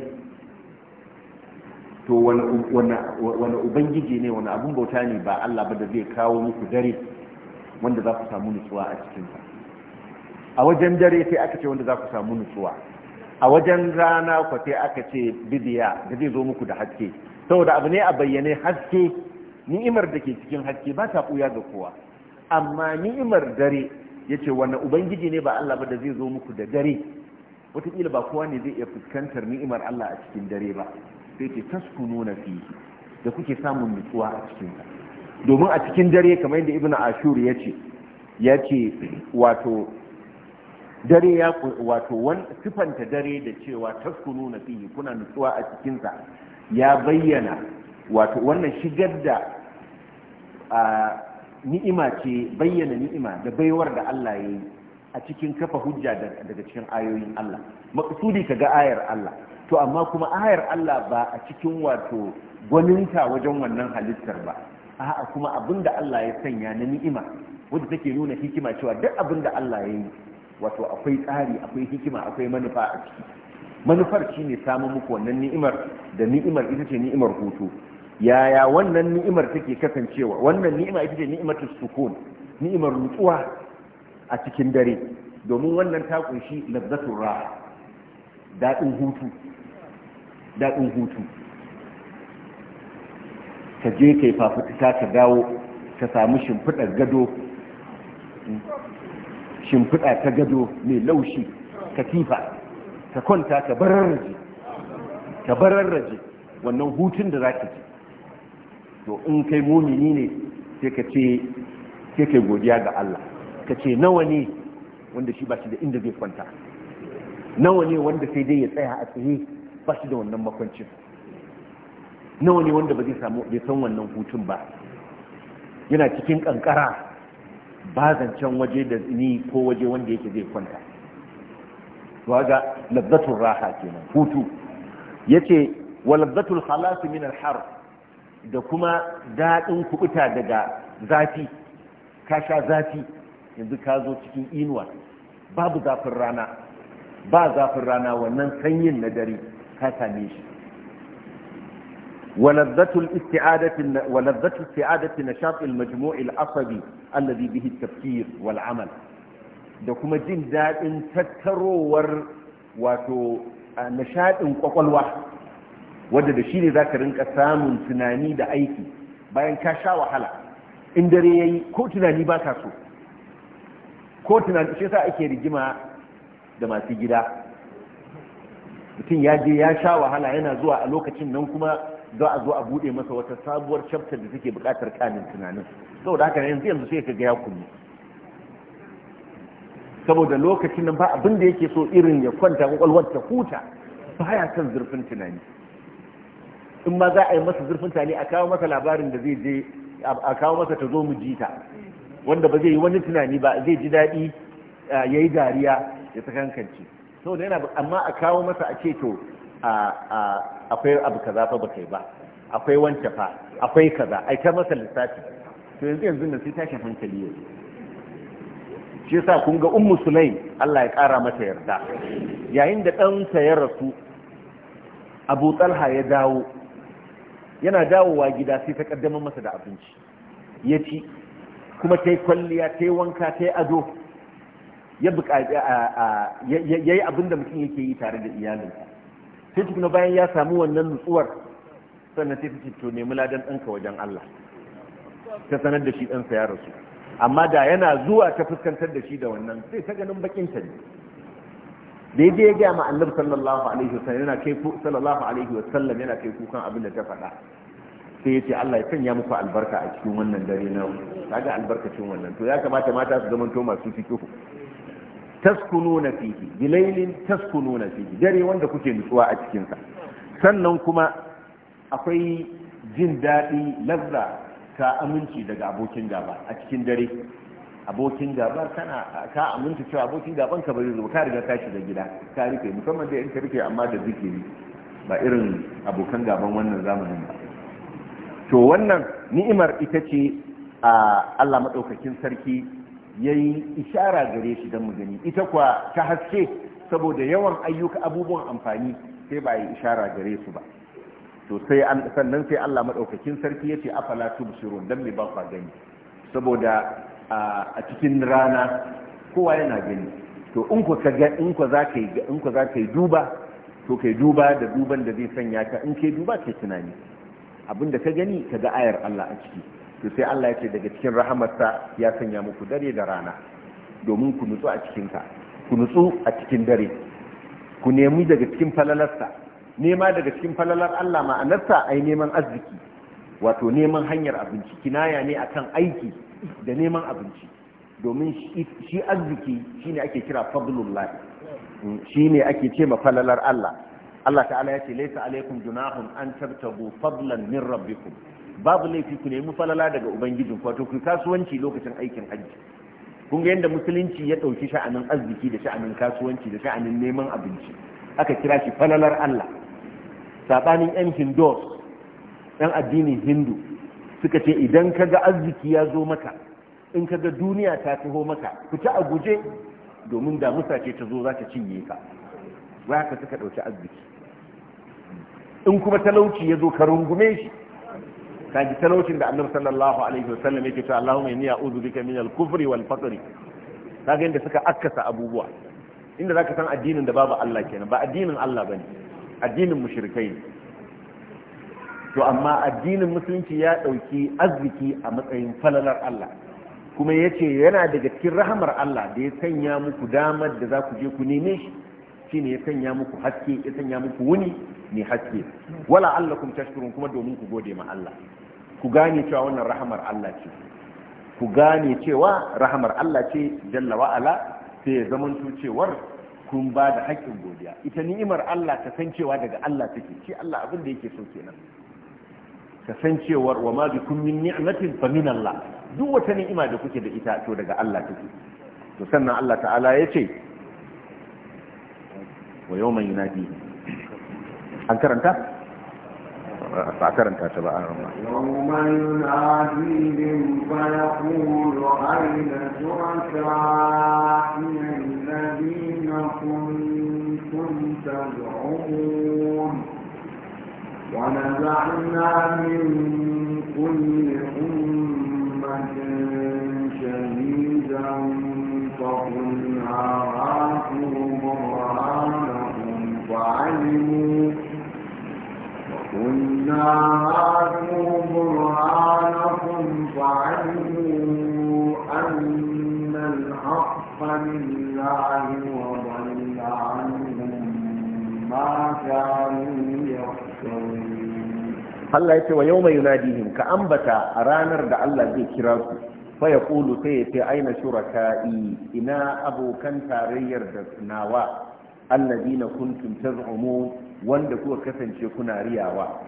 to wani ubangiji ne wani abin bauta ne ba Allah ba da zai kawo muku dare wanda za ku samu nutsuwa a cikinsa a wajen dare sai aka ce wanda za ku samu nutsuwa a wajen rana kwa sai aka ce bidiya da zai zo muku da haske saboda abu ne a bayyane haske ni'imar da ke cikin haske ba ta ɓuya ga kowa amma ni'imar dare ya ce wannan ubangiji ne ba Allah ba da zai zo muku da dare wataƙila ba kowa ne zai iya fuskantar ni'imar Allah a cikin dare ba sai ce tasku nuna fi da kuke samun nutsuwa a cikin domin a cikin dare kamar yadda ibnu ashur ya ce ya ce wato dare ya wato wan sifanta dare da cewa tasku nuna fi kuna nutsuwa a cikin sa ya bayyana wato wannan shigar da ni'ima ce bayyana ni'ima da baiwar da Allah ya yi a cikin kafa hujja daga cikin ayoyin Allah maksudi ka ga ayar Allah to amma kuma ayar Allah ba a cikin wato gwaninta wajen wannan halittar ba a'a kuma abin da Allah ya sanya na ni'ima wanda take nuna hikima cewa duk abin da Allah ya yi wato akwai tsari akwai hikima akwai manufa a ciki manufar shine samun muku wannan ni'imar da ni'imar ita ce ni'imar hutu yaya wannan ni'imar take kasancewa wannan ni'ima ita ce ni'imar sukun ni'imar rutsuwa a cikin dare domin wannan ta kunshi lazzatul raha dadin hutu dadin hutu ka je kai fafutuka ka dawo ka samu shimfiɗar gado hmm, shimfiɗa ta gado mai laushi katifa ka kwanta ka bararraje ka bararraje wannan hutun da za ka ji to in kai mumini ne sai ka ce sai kai godiya ga Allah ka ce nawa ne wanda shi ba shi da inda zai kwanta nawa ne wanda sai dai ya tsaya a tsaye ba shi da wannan makwancin nawa ne wanda ba zai samu bai san wannan hutun ba yana cikin kankara ba zancen waje da ni ko waje wanda yake zai kwanta waga lazzatul raha kenan hutu yace wa lazzatul khalas min al-harb da kuma daɗin kuɓuta daga zafi ka sha zafi yanzu ka zo cikin inuwa babu zafin rana ba zafin rana wannan sanyin na dare ka same shi ولذة الاستعادة ولذة استعادة نشاط المجموع العصبي الذي به التفكير والعمل da kuma jin daɗin tattarowar wato nishaɗin ƙwaƙwalwa wadda da shi ne za ka rinka samun tunani da aiki bayan ka sha wahala in dare ya yi ko tunani ba ka so ko tunani shi sa ake rigima da masu gida mutum ya je ya sha wahala yana zuwa a lokacin nan kuma za a zo a bude masa wata sabuwar chapter da take bukatar kanin tunanin saboda haka yanzu yanzu sai ka ga ya kunni saboda lokacin nan ba abin da yake so irin ya kwanta kwakwalwar ta huta baya ya kan zurfin tunani in ma za a yi masa zurfin tani a kawo masa labarin da zai je a kawo masa ta zo mu ji ta wanda ba zai yi wani tunani ba zai ji daɗi ya yi dariya ya sakankance saboda yana amma a kawo masa a ce to akwai abu kaza fa ba kai ba akwai wancan fa akwai kaza ai ta masa lissafi to yanzu yanzu na sai tashin hankali yau shi yasa kun ga ummu sulaim Allah ya kara mata yarda yayin da ɗansa ya rasu abu talha ya dawo yana dawowa gida sai ta kaddamar masa da abinci ya ci kuma ta yi kwalliya ta yi wanka ta yi ado ya yi abin da mutum yake yi tare da iyalinsa sai tukuna bayan ya samu wannan nutsuwar sannan sai ta ce to nemi ladan ɗanka wajen Allah ta sanar da shi ɗansa ya rasu amma da yana zuwa ta fuskantar da shi da wannan sai ta ganin ta ne da yadda ya gaya ma annabi sallallahu alaihi wasallam yana kai sallallahu alaihi wasallam yana kai kukan abin da ta faɗa sai ya ce Allah ya sanya muku albarka a cikin wannan dare na kaga albarkacin wannan to ya kamata mata su zamanto masu fikihu taskununa fihi bilailin taskununa fihi dare wanda kuke nutsuwa a cikin sa sannan kuma akwai jin daɗi lazza ka aminci daga abokin gaba a cikin dare abokin gaba kana ka aminta cewa abokin gaban ka bari zo ka riga ka shiga gida ka rufe musamman da in ka rufe amma da zikiri ba irin abokan gaban wannan zamanin ba to wannan ni'imar ita ce a Allah maɗaukakin sarki ya yi ishara gare shi don mu gani ita kuwa ta haske saboda yawan ayyuka abubuwan amfani sai ba yi ishara gare su ba to sai an sannan sai Allah madaukakin sarki yace afala tubsirun dan me ba gani saboda a cikin rana kowa yana gani to in ku ka ga in ku za ka yi in ku za ka yi duba to kai duba da duban da zai sanya ka in kai duba kai tunani Abin da ka gani ka ga ayar Allah a ciki to sai Allah ya ce daga cikin rahamarsa ya sanya muku dare da rana domin ku nutsu a cikin ka ku nutsu a cikin dare ku nemi daga cikin falalarsa nema daga cikin falalar Allah ma'anarsa ai neman arziki wato neman hanyar abinci kinaya ne akan aiki da neman abinci domin shi arziki shine ake kira fadlullah mm, shine ake ce ma falalar Allah Allah ta'ala ya ce laisa alaikum junahun an tabtagu fadlan min rabbikum babu laifi ku nemi falala daga ubangijin wato ku kasuwanci lokacin aikin hajji kun ga yadda musulunci ya ɗauki sha'anin arziki da sha'anin kasuwanci da sha'anin neman abinci aka kira shi falalar Allah sabanin yan hindu yan addinin hindu suka ce idan ka ga arziki ya zo maka in ka ga duniya ta taho maka ku a guje domin da musa ce ta zo za ta cinye ka ba haka suka ɗauki arziki in kuma talauci ya zo ka rungume shi ka ji talaucin da annabi sallallahu alaihi wasallam yake cewa Allahumma inni a'udhu bika min al-kufri wal ta kaga yadda suka akkasa abubuwa inda zaka san addinin da babu Allah kenan ba addinin Allah bane addinin mushrikai ne to amma addinin musulunci ya dauki arziki a matsayin falalar Allah kuma yace yana daga cikin rahamar Allah da ya sanya muku damar da za ku je ku neme shi shine ya sanya muku haske ya sanya muku wuni ne haske wala allakum tashkurun kuma domin ku gode ma Allah ku gane cewa wannan rahamar Allah ce ku gane cewa rahamar Allah ce jalla wa ala sai zaman cewar kun ba da haƙƙin godiya ita ni'imar Allah ta san cewa daga Allah take shi Allah abin da yake so kenan ka san cewar wa ma bi kun min ni'matin fa min Allah duk wata ni'ima da kuke da ita to daga Allah take to sannan Allah ta'ala ya ce ويوم يناديه هل كرنت؟ أعترنت أتبع يوم يناديهم فيقول أين شركائي الذين كنتم تدعون ونزعنا من كل أمة شهيدا فقلنا هاتوا برهانا وعلموا وقلنا هاتوا برهانكم فعلموا أن الحق لله وضل عنهم ما كانوا يفترون Allah ya ce wa yau mai yunadihim ka ambata a ranar da Allah zai kira su fa ya kulu sai ya ce aina shuraka'i ina abokan tarayyar da nawa alladina kuntum taz'umun wanda kuka kasance kuna riyawa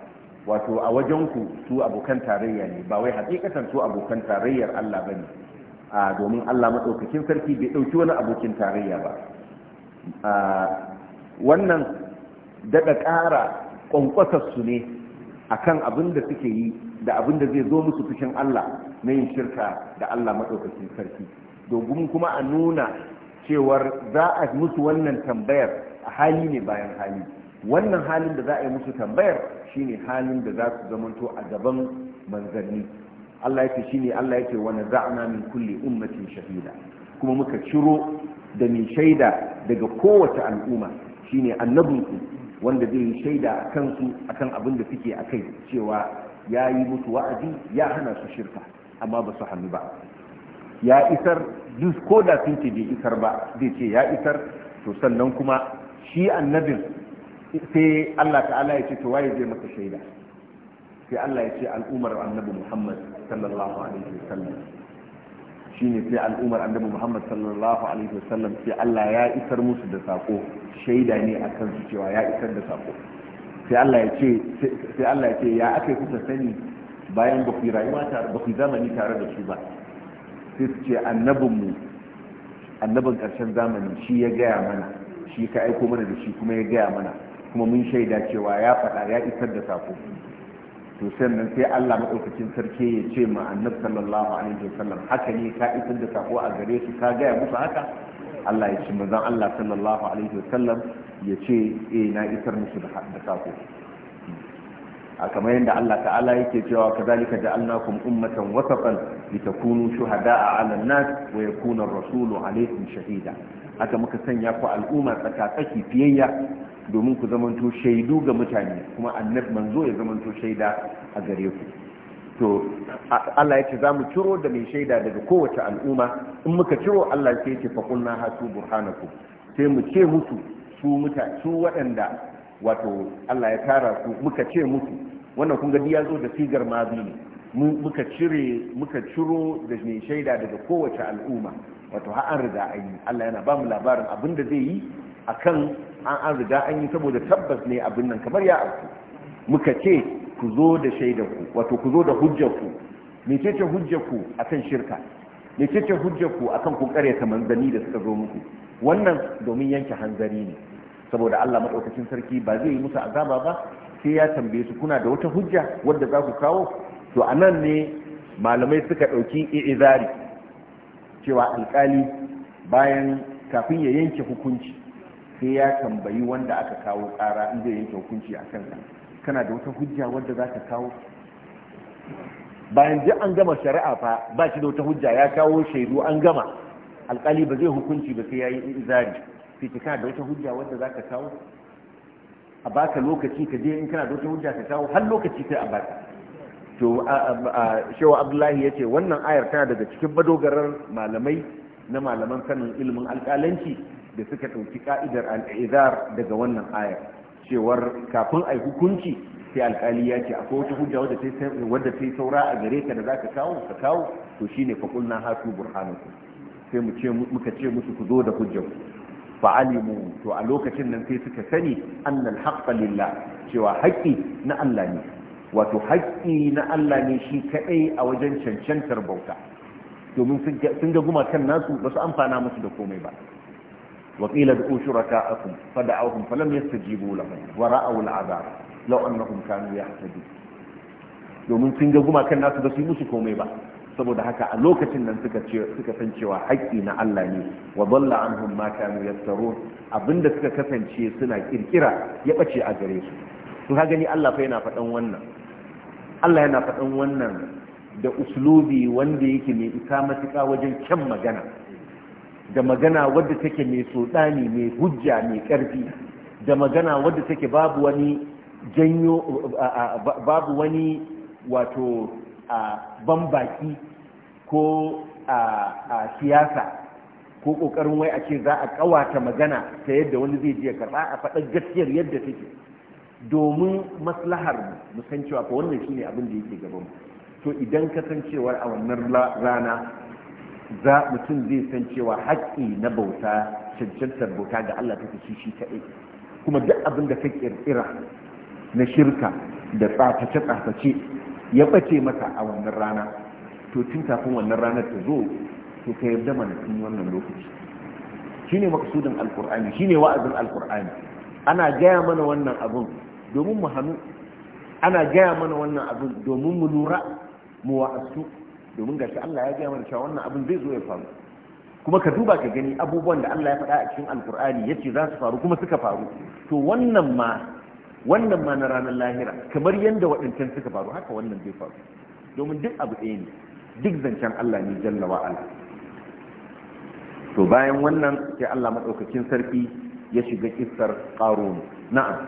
wato a wajen ku su abokan tarayya ne ba wai hakikatan su abokan tarayyar Allah bane a domin Allah madaukakin sarki bai dauki wani abokin tarayya ba a wannan daga ƙara kwankwasar su ne akan abin da suke yi da abin da zai zo musu fushin Allah na yin shirka da Allah madaukakin sarki domin kuma a nuna cewar za a musu wannan tambayar a hali ne bayan hali wannan halin da za a yi musu tambayar shine halin da za su zamanto a gaban manzanni Allah ya shi shine Allah ya ce wani za'ana min kulli ummatin shahida kuma muka ciro da mai shaida daga kowace al'umma shine annabinku wanda zai yi shaida a kansu akan abin da suke a kai cewa ya yi musu wa'azi ya hana su shirka amma ba su hannu ba ya isar duk ko da sun ce bai isar ba zai ce ya isar to sannan kuma shi annabin sai Allah ta'ala ya ce to waye zai maka shaida sai Allah ya ce al'umar annabi Muhammad sallallahu alaihi wasallam shine sai al'umar annabi Muhammad sallallahu alaihi wasallam sai Allah ya isar musu da sako shaida ne akan su cewa ya isar da sako sai Allah ya ce sai Allah ya ce ya akai kuka sani bayan ba ku rayuwa ba ku zamani tare da su ba sai su ce annabinmu annabin ƙarshen zamani shi ya gaya mana shi ka aiko mana da shi kuma ya gaya mana kuma mun shaida cewa ya faɗa ya isar da sako to sannan sai Allah maɗaukakin sarki ya ce ma annab sallallahu alaihi wasallam haka ne ka isar da sako a gare su ka gaya musu haka Allah ya ce manzon Allah sallallahu alaihi wasallam ya ce eh na isar musu da sako a kamar yadda Allah ta'ala yake cewa kazalika ja'alnakum ummatan wasatan litakunu shuhada'a 'ala an-nas wa yakuna ar-rasulu 'alaykum shahida haka muka sanya ku al'umma tsakatsaki fiyayya domin ku zamanto shaidu ga mutane kuma annabi manzo ya zamanto shaida a gare ku to Allah ya ce za mu ciro da mai shaida daga kowace al'umma in muka ciro Allah sai ya ce fa kunna hatu burhanakum sai mu ce musu su su waɗanda wato Allah ya tara su muka ce musu wannan kun ga ya zo da sigar mazi ne muka cire muka ciro da ne shaida daga kowace al'umma wato har an riga an yi Allah yana ba mu labarin abin da zai yi akan an an riga an yi saboda tabbas ne abin nan kamar ya auku muka ce ku zo da ku wato ku zo da hujjarku mecece ku akan shirka mecece ku akan ku ta manzani da suka zo muku wannan domin yanke hanzari ne saboda Allah madaukakin sarki ba zai yi musu azaba ba sai ya tambaye su kuna da wata hujja wadda za ku kawo to a nan ne malamai suka ɗauki i'izari cewa alkali bayan kafin ya yanke hukunci sai ya tambayi wanda aka kawo ƙara in zai yanke hukunci a kan kana da wata hujja wadda za ka kawo bayan ji an gama shari'a fa ba shi da wata hujja ya kawo shaidu an gama alkali ba zai hukunci ba sai ya yi izari sai ka kana da wata hujja wadda za ka kawo a baka lokaci ka je in kana da wata hujja ka kawo har lokaci sai a baka to shewa abdullahi ya ce wannan ayar tana daga cikin madogarar malamai na malaman sanin ilimin alkalanci da suka ɗauki ka'idar al'izar daga wannan ayar cewar kafin a hukunci sai alƙali ya ce akwai wata hujja wadda ta yi saura a gare ka da za ka kawo ka kawo to shine faƙulna hatu burhanaku sai muka ce musu ku zo da hujjar fa'alimu to a lokacin nan sai suka sani annal haqqa lillah cewa haƙƙi na Allah ne wato haƙƙi na Allah ne shi kaɗai a wajen cancantar bauta domin sun ga gumakan nasu ba su amfana musu da komai ba waƙila da ushuraka akum fada auhum falam yastajibu lahum wa ra'aw al'azab law annahum kanu yahtadun domin sun ga gumakan nasu ba su yi musu komai ba saboda haka a lokacin nan suka san cewa haƙƙi na Allah ne wa an anhum ma kanu tsaro abinda suka kasance suna ƙirƙira ya ɓace a gare su to ha gani Allah fa yana faɗan wannan Allah yana faɗin wannan da uslubi wanda yake mai isa matuƙa wajen kyan magana da magana wadda take mai soɗani mai hujja mai ƙarfi da magana wadda take babu wani janyo babu wani wato bambaki ko siyasa ko ƙoƙarin wai a ce za a ƙawata magana ta yadda wani zai je karɓa a faɗar gaskiyar yadda take domin maslahar mu san cewa ko wannan shine abin da yake gaban mu to idan ka san cewa a wannan rana za mutum zai san cewa haƙƙi na bauta cancantar bauta ga Allah take shi shi kaɗai kuma duk abin da ka kirkira na shirka da tsaface tsaface ya bace masa a wannan rana to tun kafin wannan ranar ta zo to ka yarda mana tun wannan lokaci shine maqsudin alqur'ani shine wa'azin alqur'ani ana gaya mana wannan abun domin mu hannu ana gaya mana wannan abin domin mu lura mu wa'astu domin gashi Allah ya gaya mana cewa wannan abin zai zo ya faru kuma ka duba ka gani abubuwan da Allah ya faɗa a cikin alkur'ani ya ce za su faru kuma suka faru to wannan ma wannan ma na ranar lahira kamar yadda waɗancan suka faru haka wannan zai faru domin duk abu ɗaya ne duk zancen Allah ne jalla Allah. to bayan wannan sai Allah maɗaukakin sarki ya shiga kissar ƙaro na'am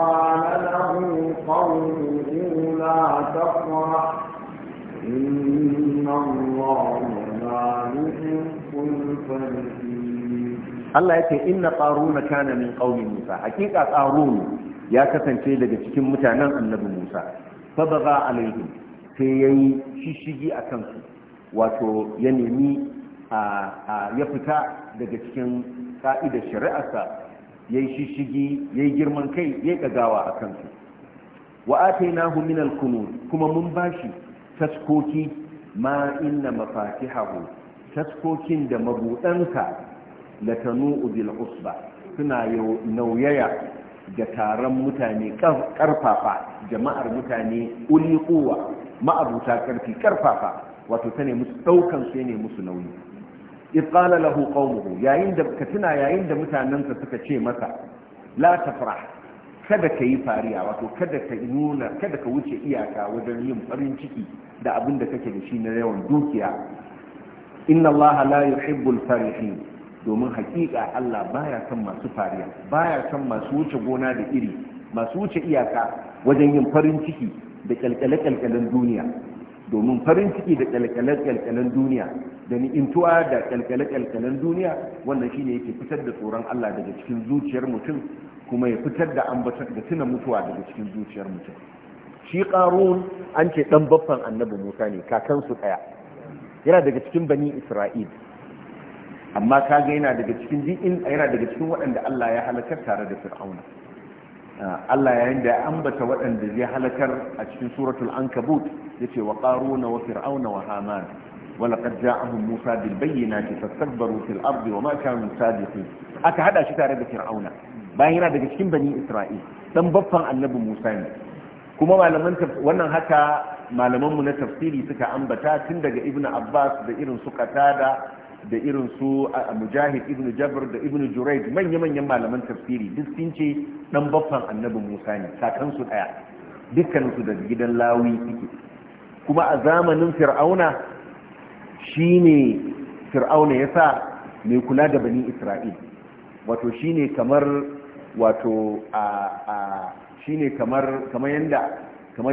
Wa na Inna muhawar Allah ya ce in na ƙaru na min ƙauye Musa. Hakika ƙaru ya kasance daga cikin mutanen annabi Musa. Fa ba ba Aliyuhu sai ya yi shishigi a kansu wato ya nemi ya fita daga cikin ƙa'ida shari'arsa. yayi shishigi yayi girman kai yayi dagawa a kansu wa atainahu min al kuma mun bashi taskoki ma inna mafatihahu taskokin da mabudanka latanu bil usba suna nauyaya da taron mutane karfafa jama'ar mutane uli Kowa, ma'abuta karfi karfafa wato ta ne musu daukan su ne musu nauyi iqala lahu qaumuhu yayin da ka tuna yayin da mutanansa suka ce masa la tafrah kada ka yi fariya wato kada ka nuna kada ka wuce iyaka wajen yin farin ciki da abin da kake da shi na yawan dukiya inna Allah la yuhibbul farihin domin hakika Allah baya son masu fariya baya son masu wuce gona da iri masu wuce iyaka wajen yin farin ciki da kyalkyale-kyalkyalen duniya domin farin ciki da kyalkyalan duniya da ni'intuwa da kyalkyalan duniya wannan shine yake fitar da tsoron Allah daga cikin zuciyar mutum kuma ya fitar da ambatar da tuna mutuwa daga cikin zuciyar mutum shi qarun an ce dan baffan annabi Musa ne kakansu ɗaya. yana daga cikin bani Isra'il amma kaga yana daga cikin yana daga cikin waɗanda Allah ya halakar tare da Fir'auna Allah yayin da ya ambata waɗanda zai halakar a cikin suratul ankabut yace wa qaruna wa fir'auna wa haman wa laqad ja'ahum musa bil bayyinati fastakbaru fil ardi wa ma kanu sadiqin aka hada shi tare da fir'auna bayan yana daga cikin bani isra'il dan baffan annabi musa ne kuma malaman wannan haka malaman mu na tafsiri suka ambata tun daga ibnu abbas da irin su qatada da irin su a mujahid ibn jabr da ibn Juraid, manya-manyan malaman tafsiri duk sun ce dan baffan annabi musa ne kakansu daya dukkaninsu da gidan lawi suke kuma a zamanin fir'auna shine fir'auna ya sa mai kula da bani isra'il wato shine kamar wato a shine kamar kamar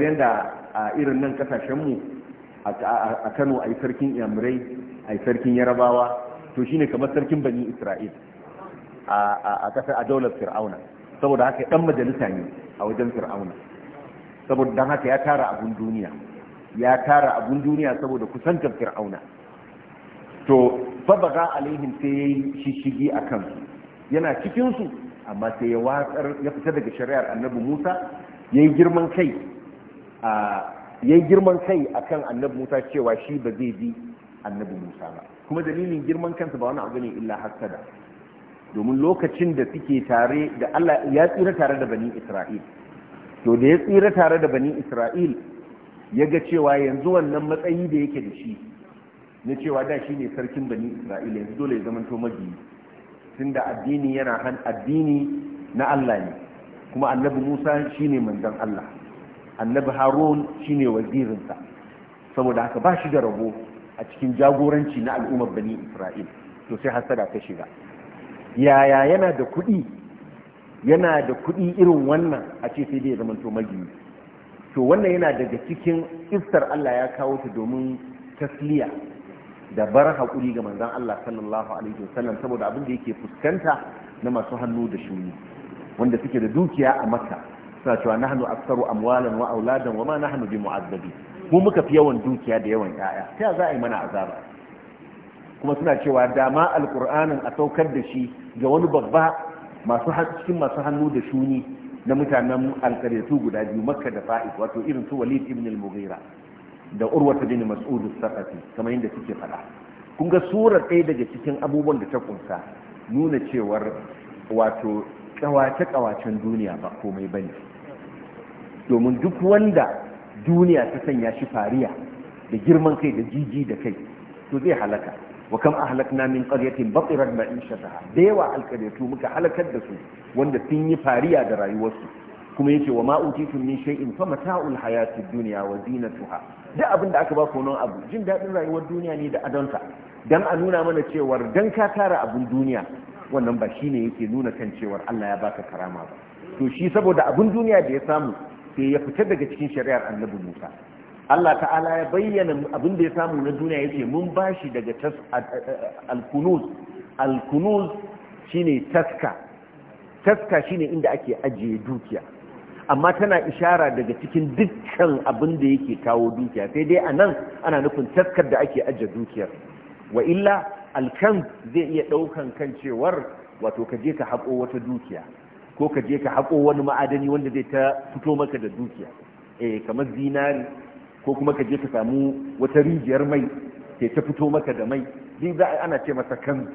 yanda irin nan kasashenmu a kano a yi sarkin yamurai a yi sarkin yarabawa to shine kamar sarkin bani isra'il a kasar a daular fir'auna saboda haka dan majalisa ne a wajen fir'auna saboda don haka ya tara abun duniya ya tara abun duniya saboda kusantar fir'auna to fabaga alaihim sai ya yi shishigi a kansu yana cikinsu amma sai ya watsar ya fita daga shari'ar annabi musa ya yi girman kai a ya yi girman kai a kan annabi musa cewa shi ba zai bi annabi musa ba kuma dalilin girman kansa ba wani abu ne illa hasada domin lokacin da suke tare da allah ya tsira tare da bani isra'il to da ya tsira tare da bani isra'il ya ga cewa yanzu wannan matsayi da yake da shi na cewa da shi ne sarkin bani isra'il yanzu dole ya zamanto mabiyi tun da addini yana han addini na allah ne kuma annabi musa shine manzon allah annabi harun shi ne wazirinsa saboda haka ba shi da rabo a cikin jagoranci na al'ummar bani isra'il to sai hasada ta shiga yaya yana da kuɗi yana da kuɗi irin wannan a ce sai dai ya zamanto magini to wannan yana daga cikin iftar Allah ya kawo ta domin tasliya da bar hakuri ga manzan Allah sallallahu alaihi wasallam saboda abin da yake fuskanta na masu hannu da shuni wanda suke da dukiya a makka suna cewa nahnu aksaru amwalan wa auladan wa ma hannu bi mu'azzabi mu muka fi yawan dukiya da yawan yaya ta za a yi mana azaba kuma suna cewa dama alqur'anin a saukar da shi ga wani babba masu cikin masu hannu da shuni na mutanen alkaryatu guda biyu makka da fa'id wato irin su walid ibn al-mughira da urwata bin mas'ud as-saqafi kamar yadda suke faɗa kun ga surar ɗaya daga cikin abubuwan da ta kunsa nuna cewar wato kawace kawacen duniya ba komai bane domin duk wanda duniya ta sanya shi fariya da girman kai da jiji da kai to zai halaka wa kam ahlakna min qaryatin batirat ma'ishataha da yawa alqaryatu muka halakar da su wanda sun yi fariya da rayuwarsu kuma yace wa ma utitum min shay'in fa mata'ul hayatid dunya wa zinatuha da abin da aka ba ku abu jin dadin rayuwar duniya ne da adonta dan a nuna mana cewar dan ka tara abun duniya wannan ba shine yake nuna kan cewar Allah ya baka karama ba to shi saboda abin duniya da ya samu sai ya fita daga cikin shari'ar annabi Musa Allah ta'ala ya bayyana abin da ya samu na duniya yake mun bashi daga alkunuz alkunuz shine taska taska shine inda ake ajiye dukiya amma tana ishara daga cikin dukkan abin da yake kawo dukiya sai dai anan ana nufin taskar da ake ajiye dukiyar wa illa alkan zai iya ɗaukan kan cewar wato ka je ka hako wata dukiya ko ka je ka haƙo wani ma'adani wanda zai ta fito maka da dukiya eh kamar zinari ko kuma ka je ka samu wata rijiyar mai sai ta fito maka da mai din za ana ce masa kan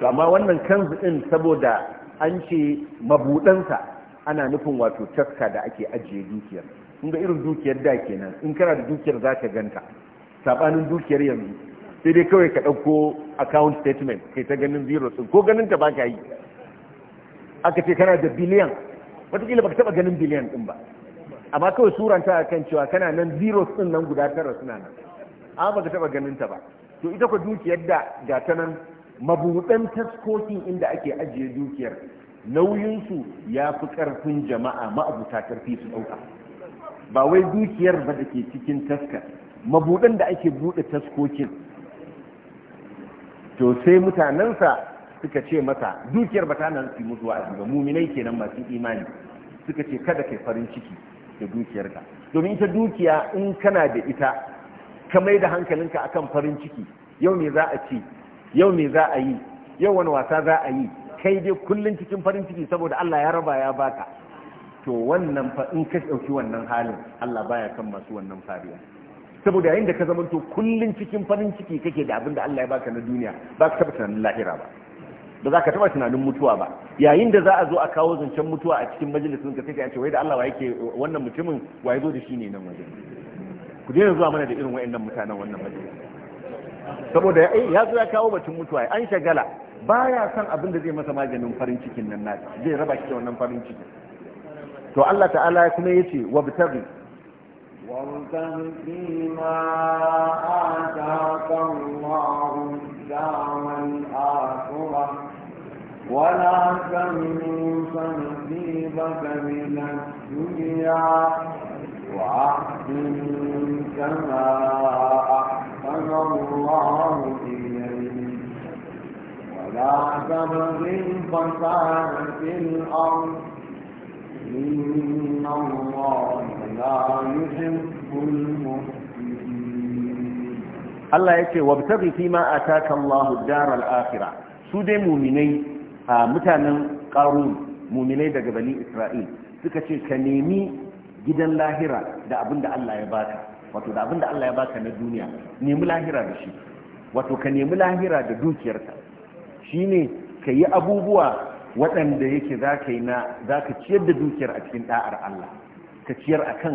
to amma wannan kanzu din saboda an ce mabudansa ana nufin wato taska da ake ajiye dukiyar in ga irin dukiyar da kenan in kana da dukiyar zaka ganta sabanin dukiyar yanzu sai dai kawai ka ɗauko account statement kai ta ganin zero ko ganin ta ba ka yi aka ce kana da biliyan watakila baka taba ganin biliyan din ba amma kawai suranta a kan cewa kana nan ziros din nan guda tara suna nan amma baka taba ganin ta ba to ita ku dukiyar da ga ta nan mabuɗan taskokin inda ake ajiye dukiyar nauyinsu ya fi ƙarfin jama'a ma'abuta ƙarfi su ɗauka ba wai dukiyar ba da ke cikin taska mabuɗan da ake buɗe taskokin to sai mutanensa suka ce masa dukiyar ba ta nan su musu wa'azi ba muminai kenan masu imani suka ce kada kai farin ciki da dukiyarka domin ita dukiya in kana da ita ka mai da hankalinka akan farin ciki yau me za a ci yau me za a yi yau wani wasa za a yi kai dai kullun cikin farin ciki saboda Allah ya raba ya baka to wannan fa in ka dauki wannan halin Allah baya kan masu wannan fariya saboda yayin da ka to kullun cikin farin ciki kake da abin da Allah ya baka na duniya ba ka tabbata na lahira ba ba za ka taba tunanin mutuwa ba yayin da za a zo a kawo zancen mutuwa a cikin majalisun ka sai ka ce wai da Allah wa yake wannan mutumin wa zo da shi ne nan waje? ku daina zuwa mana da irin wayannan mutanen wannan majalisa saboda eh, ya zo ya kawo batun mutuwa an shagala baya son abin da zai masa maganin farin cikin nan nasa zai raba shi da wannan farin cikin to Allah ta'ala kuma yace wabtaghi وابتغ فيما آتاك الله الدار الآخرة ولا تمن فنصيبك من الدنيا وعهد كما أحسن الله إليك ولا تبغي الفساد في الأرض إن الله لا يحب المفسدين الله يكفي وابتغي فيما آتاك الله الدار الآخرة سودي مؤمنين mutanen karun muminai daga bani isra'il suka ce ka nemi gidan lahira da abin da allah ya baka wato da abin da allah ya baka na duniya nemi lahira da shi wato ka nemi lahira da dukiyarka ne ka yi abubuwa waɗanda yake za ka yi na za ka ciyar da dukiyar a cikin ɗa'ar allah ka ciyar a ka,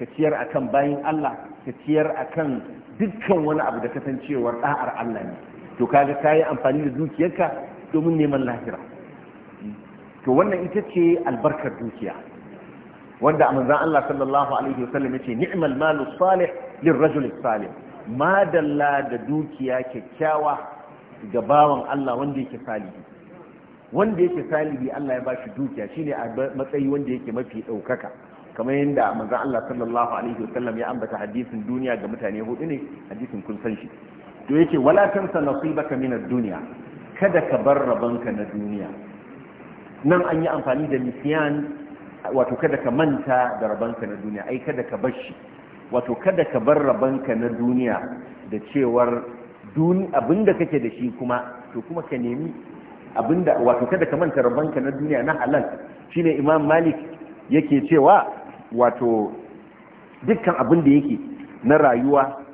ka ciyar a kan bayin allah ka ciyar a kan dukkan wani abu da kasancewar ɗa'ar allah ne to kaga ka yi amfani da dukiyarka domin neman lahira to wannan ita ce albarkar dukiya wanda a manzan Allah sallallahu alaihi wasallam ya ce ni'mal malu salih lirrajul salih madalla da dukiya kyakkyawa ga bawan Allah wanda yake salihi wanda yake salihi Allah ya bashi dukiya shine a matsayi wanda yake mafi daukaka kamar yadda manzon Allah sallallahu alaihi wasallam ya ambata hadisin duniya ga mutane hudu ne hadisin kun san shi to yake wala tansa nasibaka min dunya kada ka bar rabanka na duniya nan an yi amfani da misiyan wato kada ka manta da rabanka na duniya ai kada ka bar shi wato kada ka bar rabanka na duniya da cewar abinda kake da shi kuma to kuma ka nemi abinda wato kada ka manta rabanka na duniya na halal shine imam malik yake cewa wato dukkan abin da yake na rayuwa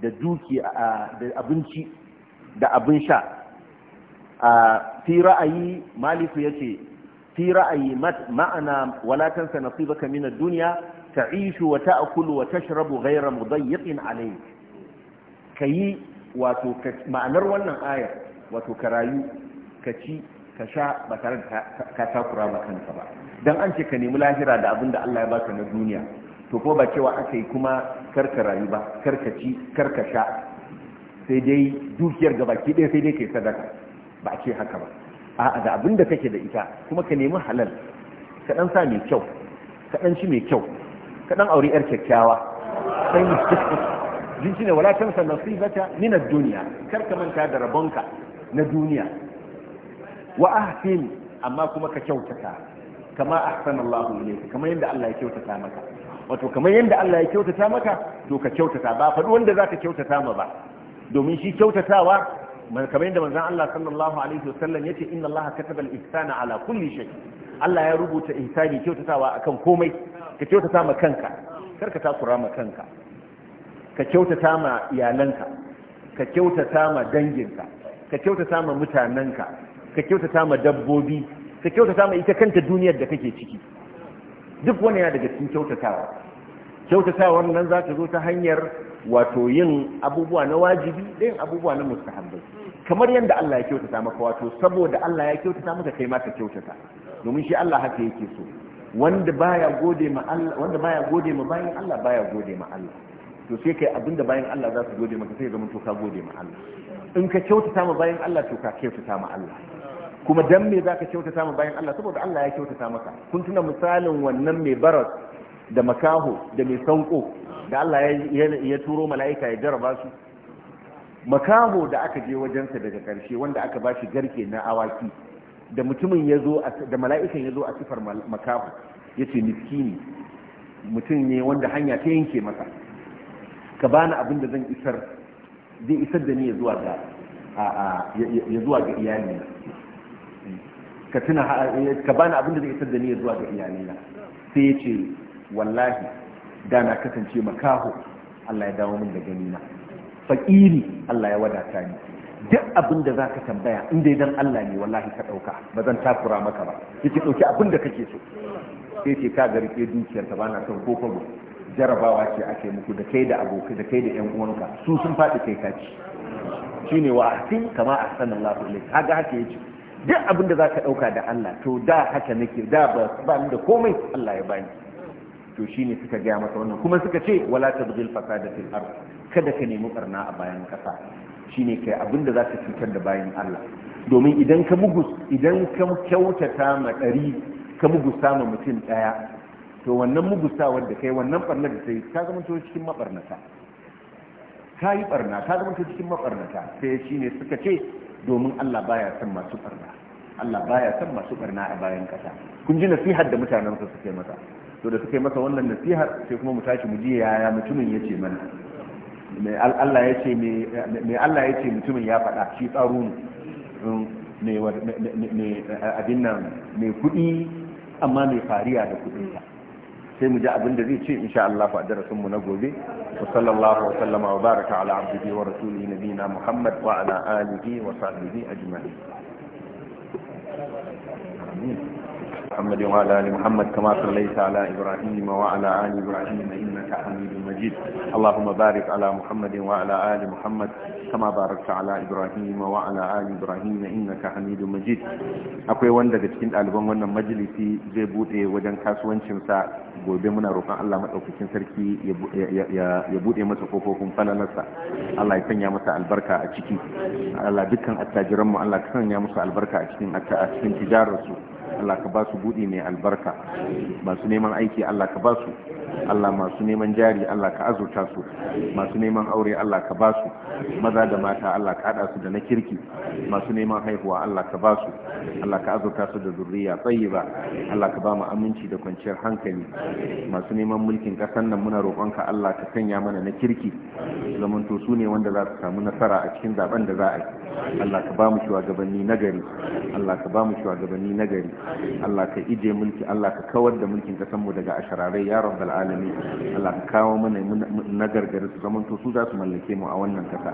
da duki da abinci da abin sha fi ra'ayi maliku yace fi ra'ayi ma'ana wala tansa nasibaka min ad-dunya ta'ishu wa ta'kulu wa tashrabu ghayra mudayyiqin alayk kayi wato ma'anar wannan aya wato ka rayu ka ci ka sha ba tare da ka takura ba kanka ba dan an ce ka nemi lahira da abinda Allah ya baka na duniya to ko ba cewa aka yi kuma karka rayu ba karka ci karka sha sai dai dukiyar gabaki ɗaya sai dai kai sadaka ba a ce haka ba a'a da abin da kake da ita kuma ka nemi halal ka dan sa mai kyau ka dan ci mai kyau ka dan aure yar kyakkyawa sai mu jin shi ne wala tansa nasibata ni na duniya kar ka manta da rabonka na duniya wa ahsin amma kuma ka kyautata kama ahsana Allah ilayka kamar yadda Allah ya kyautata maka wato kamar yadda Allah ya kyautata maka to ka kyautata ba faɗi wanda zaka kyautata ma ba domin shi kyautatawa kamar yadda manzon Allah sallallahu alaihi wasallam yace inna Allah kataba al-ihsana ala kulli shay Allah ya rubuta ihsani kyautatawa akan komai ka kyautata ma kanka kar ka takura ma kanka ka kyautata ma iyalanka ka kyautata ma danginka ka kyautata ma mutananka, ka kyautata ma dabbobi ka kyautata ma ita kanta duniyar da kake ciki duk wani yana daga cikin kyautatawa kyautatawa nan za ta zo ta hanyar wato yin abubuwa na wajibi da yin abubuwa na mustahabbai kamar yadda Allah ya kyautata maka wato saboda Allah ya kyautata maka kai ma ka kyautata domin shi Allah haka yake so wanda baya gode ma Allah wanda baya gode ma bayan Allah baya gode ma Allah to sai kai abinda bayan Allah za su gode maka sai zama to ka gode ma Allah in ka kyautata ma bayan Allah to ka kyautata ma Allah kuma dan me zaka kyautata ma bayan Allah saboda Allah ya kyautata maka kun tuna misalin wannan mai barat da makaho da mai sanko da Allah ya turo mala'ika ya jaraba su makamo da aka je wajensa daga ƙarshe wanda aka ba shi garke na awaki da mutumin ya zo da mala'ikan ya zo a sifar makaho ya ce miskini mutum ne wanda hanya ta yanke masa ka bani abin da zan isar zai isar da ni ya zuwa ga ya zuwa ga iyali ka tuna ka bani abin da zai isar da ni ya zuwa ga iyali sai ya ce wallahi da na kasance makaho Allah ya dawo min da ganina fakiri Allah ya wadata ni duk abin da zaka tambaya in dai dan Allah ne wallahi ka dauka ba zan takura maka ba kike dauki abin da kake so sai ce ka garke dukiyar ta bana son ko fago jarabawa ce ake muku da kai da abokai da kai da yan uwanka su sun faɗi kai kaci shine wa ahsin kama ahsanallahu ilayk kaga haka yace duk abin da zaka dauka da Allah to da haka nake da ba ni da komai Allah ya bani to shi ne suka gaya masa wannan kuma suka ce wala ta tabghil da fil ard kada ka nemi barna a bayan kasa ne kai abinda ka cutar da bayan Allah domin idan ka mugus idan ka kyautata ma ɗari ka mugusa ma mutum ɗaya to wannan mugusa wanda kai wannan barna da sai ka zama to cikin mabarnata ka yi barna ka zama to cikin mabarnata sai shi ne suka ce domin Allah baya son masu barna Allah baya son masu barna a bayan kasa kun ji nasihar da mutanen su suke masa to da suka yi masa wannan nasihar sai kuma mu tashi mu jiya yaya mutumin ya ce mana mai Allah ya ce mai Allah ya ce mutumin ya faɗa shi tsaro ne mm, abin nan mai kuɗi amma mai fariya da kuɗi sai mu ji abin da zai ce insha Allah fa darasin mu na gobe wa sallallahu wa sallama wa baraka ala abdihi wa rasulihi Muhammad wa ala alihi wa sahbihi ajma'in محمد وعلى آل محمد كما صليت على إبراهيم وعلى آل إبراهيم إنك حميد مجيد اللهم بارك على محمد وعلى آل محمد كما باركت على إبراهيم وعلى آل إبراهيم إنك حميد مجيد akwai wanda daga cikin ɗaliban wannan majalisi zai buɗe wajen kasuwancinsa gobe muna roƙon Allah maɗaukakin sarki ya buɗe masa kofofin falalarsa Allah ya sanya masa albarka a ciki Allah dukkan attajiranmu Allah ya sanya musu albarka a cikin tijararsu Allah ka ba su buɗi mai albarka masu neman aiki Allah ka ba su Allah masu neman jari Allah ka azurta su masu neman aure Allah ka ba su maza da mata Allah ka hada su da na kirki masu neman haihuwa Allah ka ba su Allah ka azurta su da zurriya tayyiba Allah ka ba mu aminci da kwanciyar hankali masu neman mulkin kasan nan muna roƙonka Allah ka sanya mana na kirki to su ne wanda za su samu nasara a cikin zaben da za a yi Allah ka ba mu shugabanni nagari Allah ka ba mu shugabanni nagari Allah ka ije mulki Allah ka kawar da mulkin kasan mu daga asharare ya rabbal alamin Allah ka kawo mana na gargari su zaman to su za su mallake mu a wannan kasa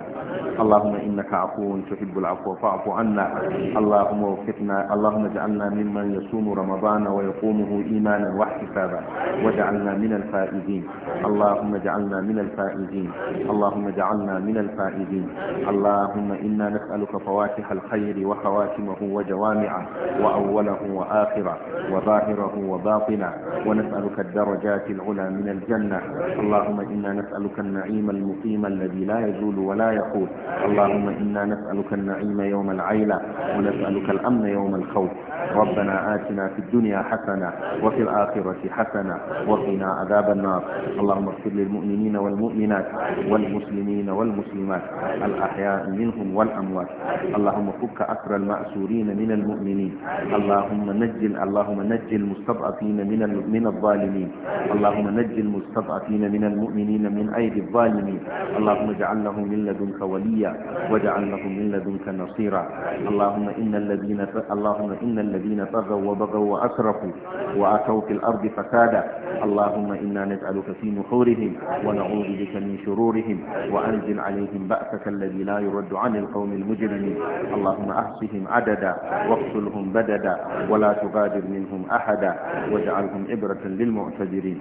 Allahumma innaka afuwun tuhibbul afwa fa'fu anna Allahumma waffiqna Allahumma ja'alna mimman yasumu ramadana wa yaqumuhu imanan wa ihtisaba waj'alna min al-fa'izin Allahumma ja'alna min al-fa'izin Allahumma ja'alna min al-fa'izin Allahumma inna nas'aluka fawatih al-khair wa khawatimahu wa jawami'ah wa awwalahu wa akhirah wa ظاهره وباطنه ونسألك الدرجات العلى نصيبنا من الجنة اللهم إنا نسألك النعيم المقيم الذي لا يزول ولا يقول اللهم إنا نسألك النعيم يوم العيلة ونسألك الأمن يوم الخوف ربنا آتنا في الدنيا حسنة وفي الآخرة حسنة وقنا عذاب النار اللهم اغفر للمؤمنين والمؤمنات والمسلمين والمسلمات الأحياء منهم والأموات اللهم فك أكر المأسورين من المؤمنين اللهم نجل اللهم نجل المستضعفين من من الظالمين اللهم اللهم نج المستضعفين من المؤمنين من أيدي الظالمين اللهم اجعل لهم من لدنك وليا واجعل لهم من لدنك نصيرا اللهم إن الذين اللهم إن الذين طغوا وبغوا وأسرفوا وأتوا في الأرض فسادا اللهم إنا نجعلك في نحورهم ونعوذ بك من شرورهم وأنزل عليهم بأسك الذي لا يرد عن القوم المجرمين اللهم أحصهم عددا واقتلهم بددا ولا تغادر منهم أحدا واجعلهم عبرة للمعتذرين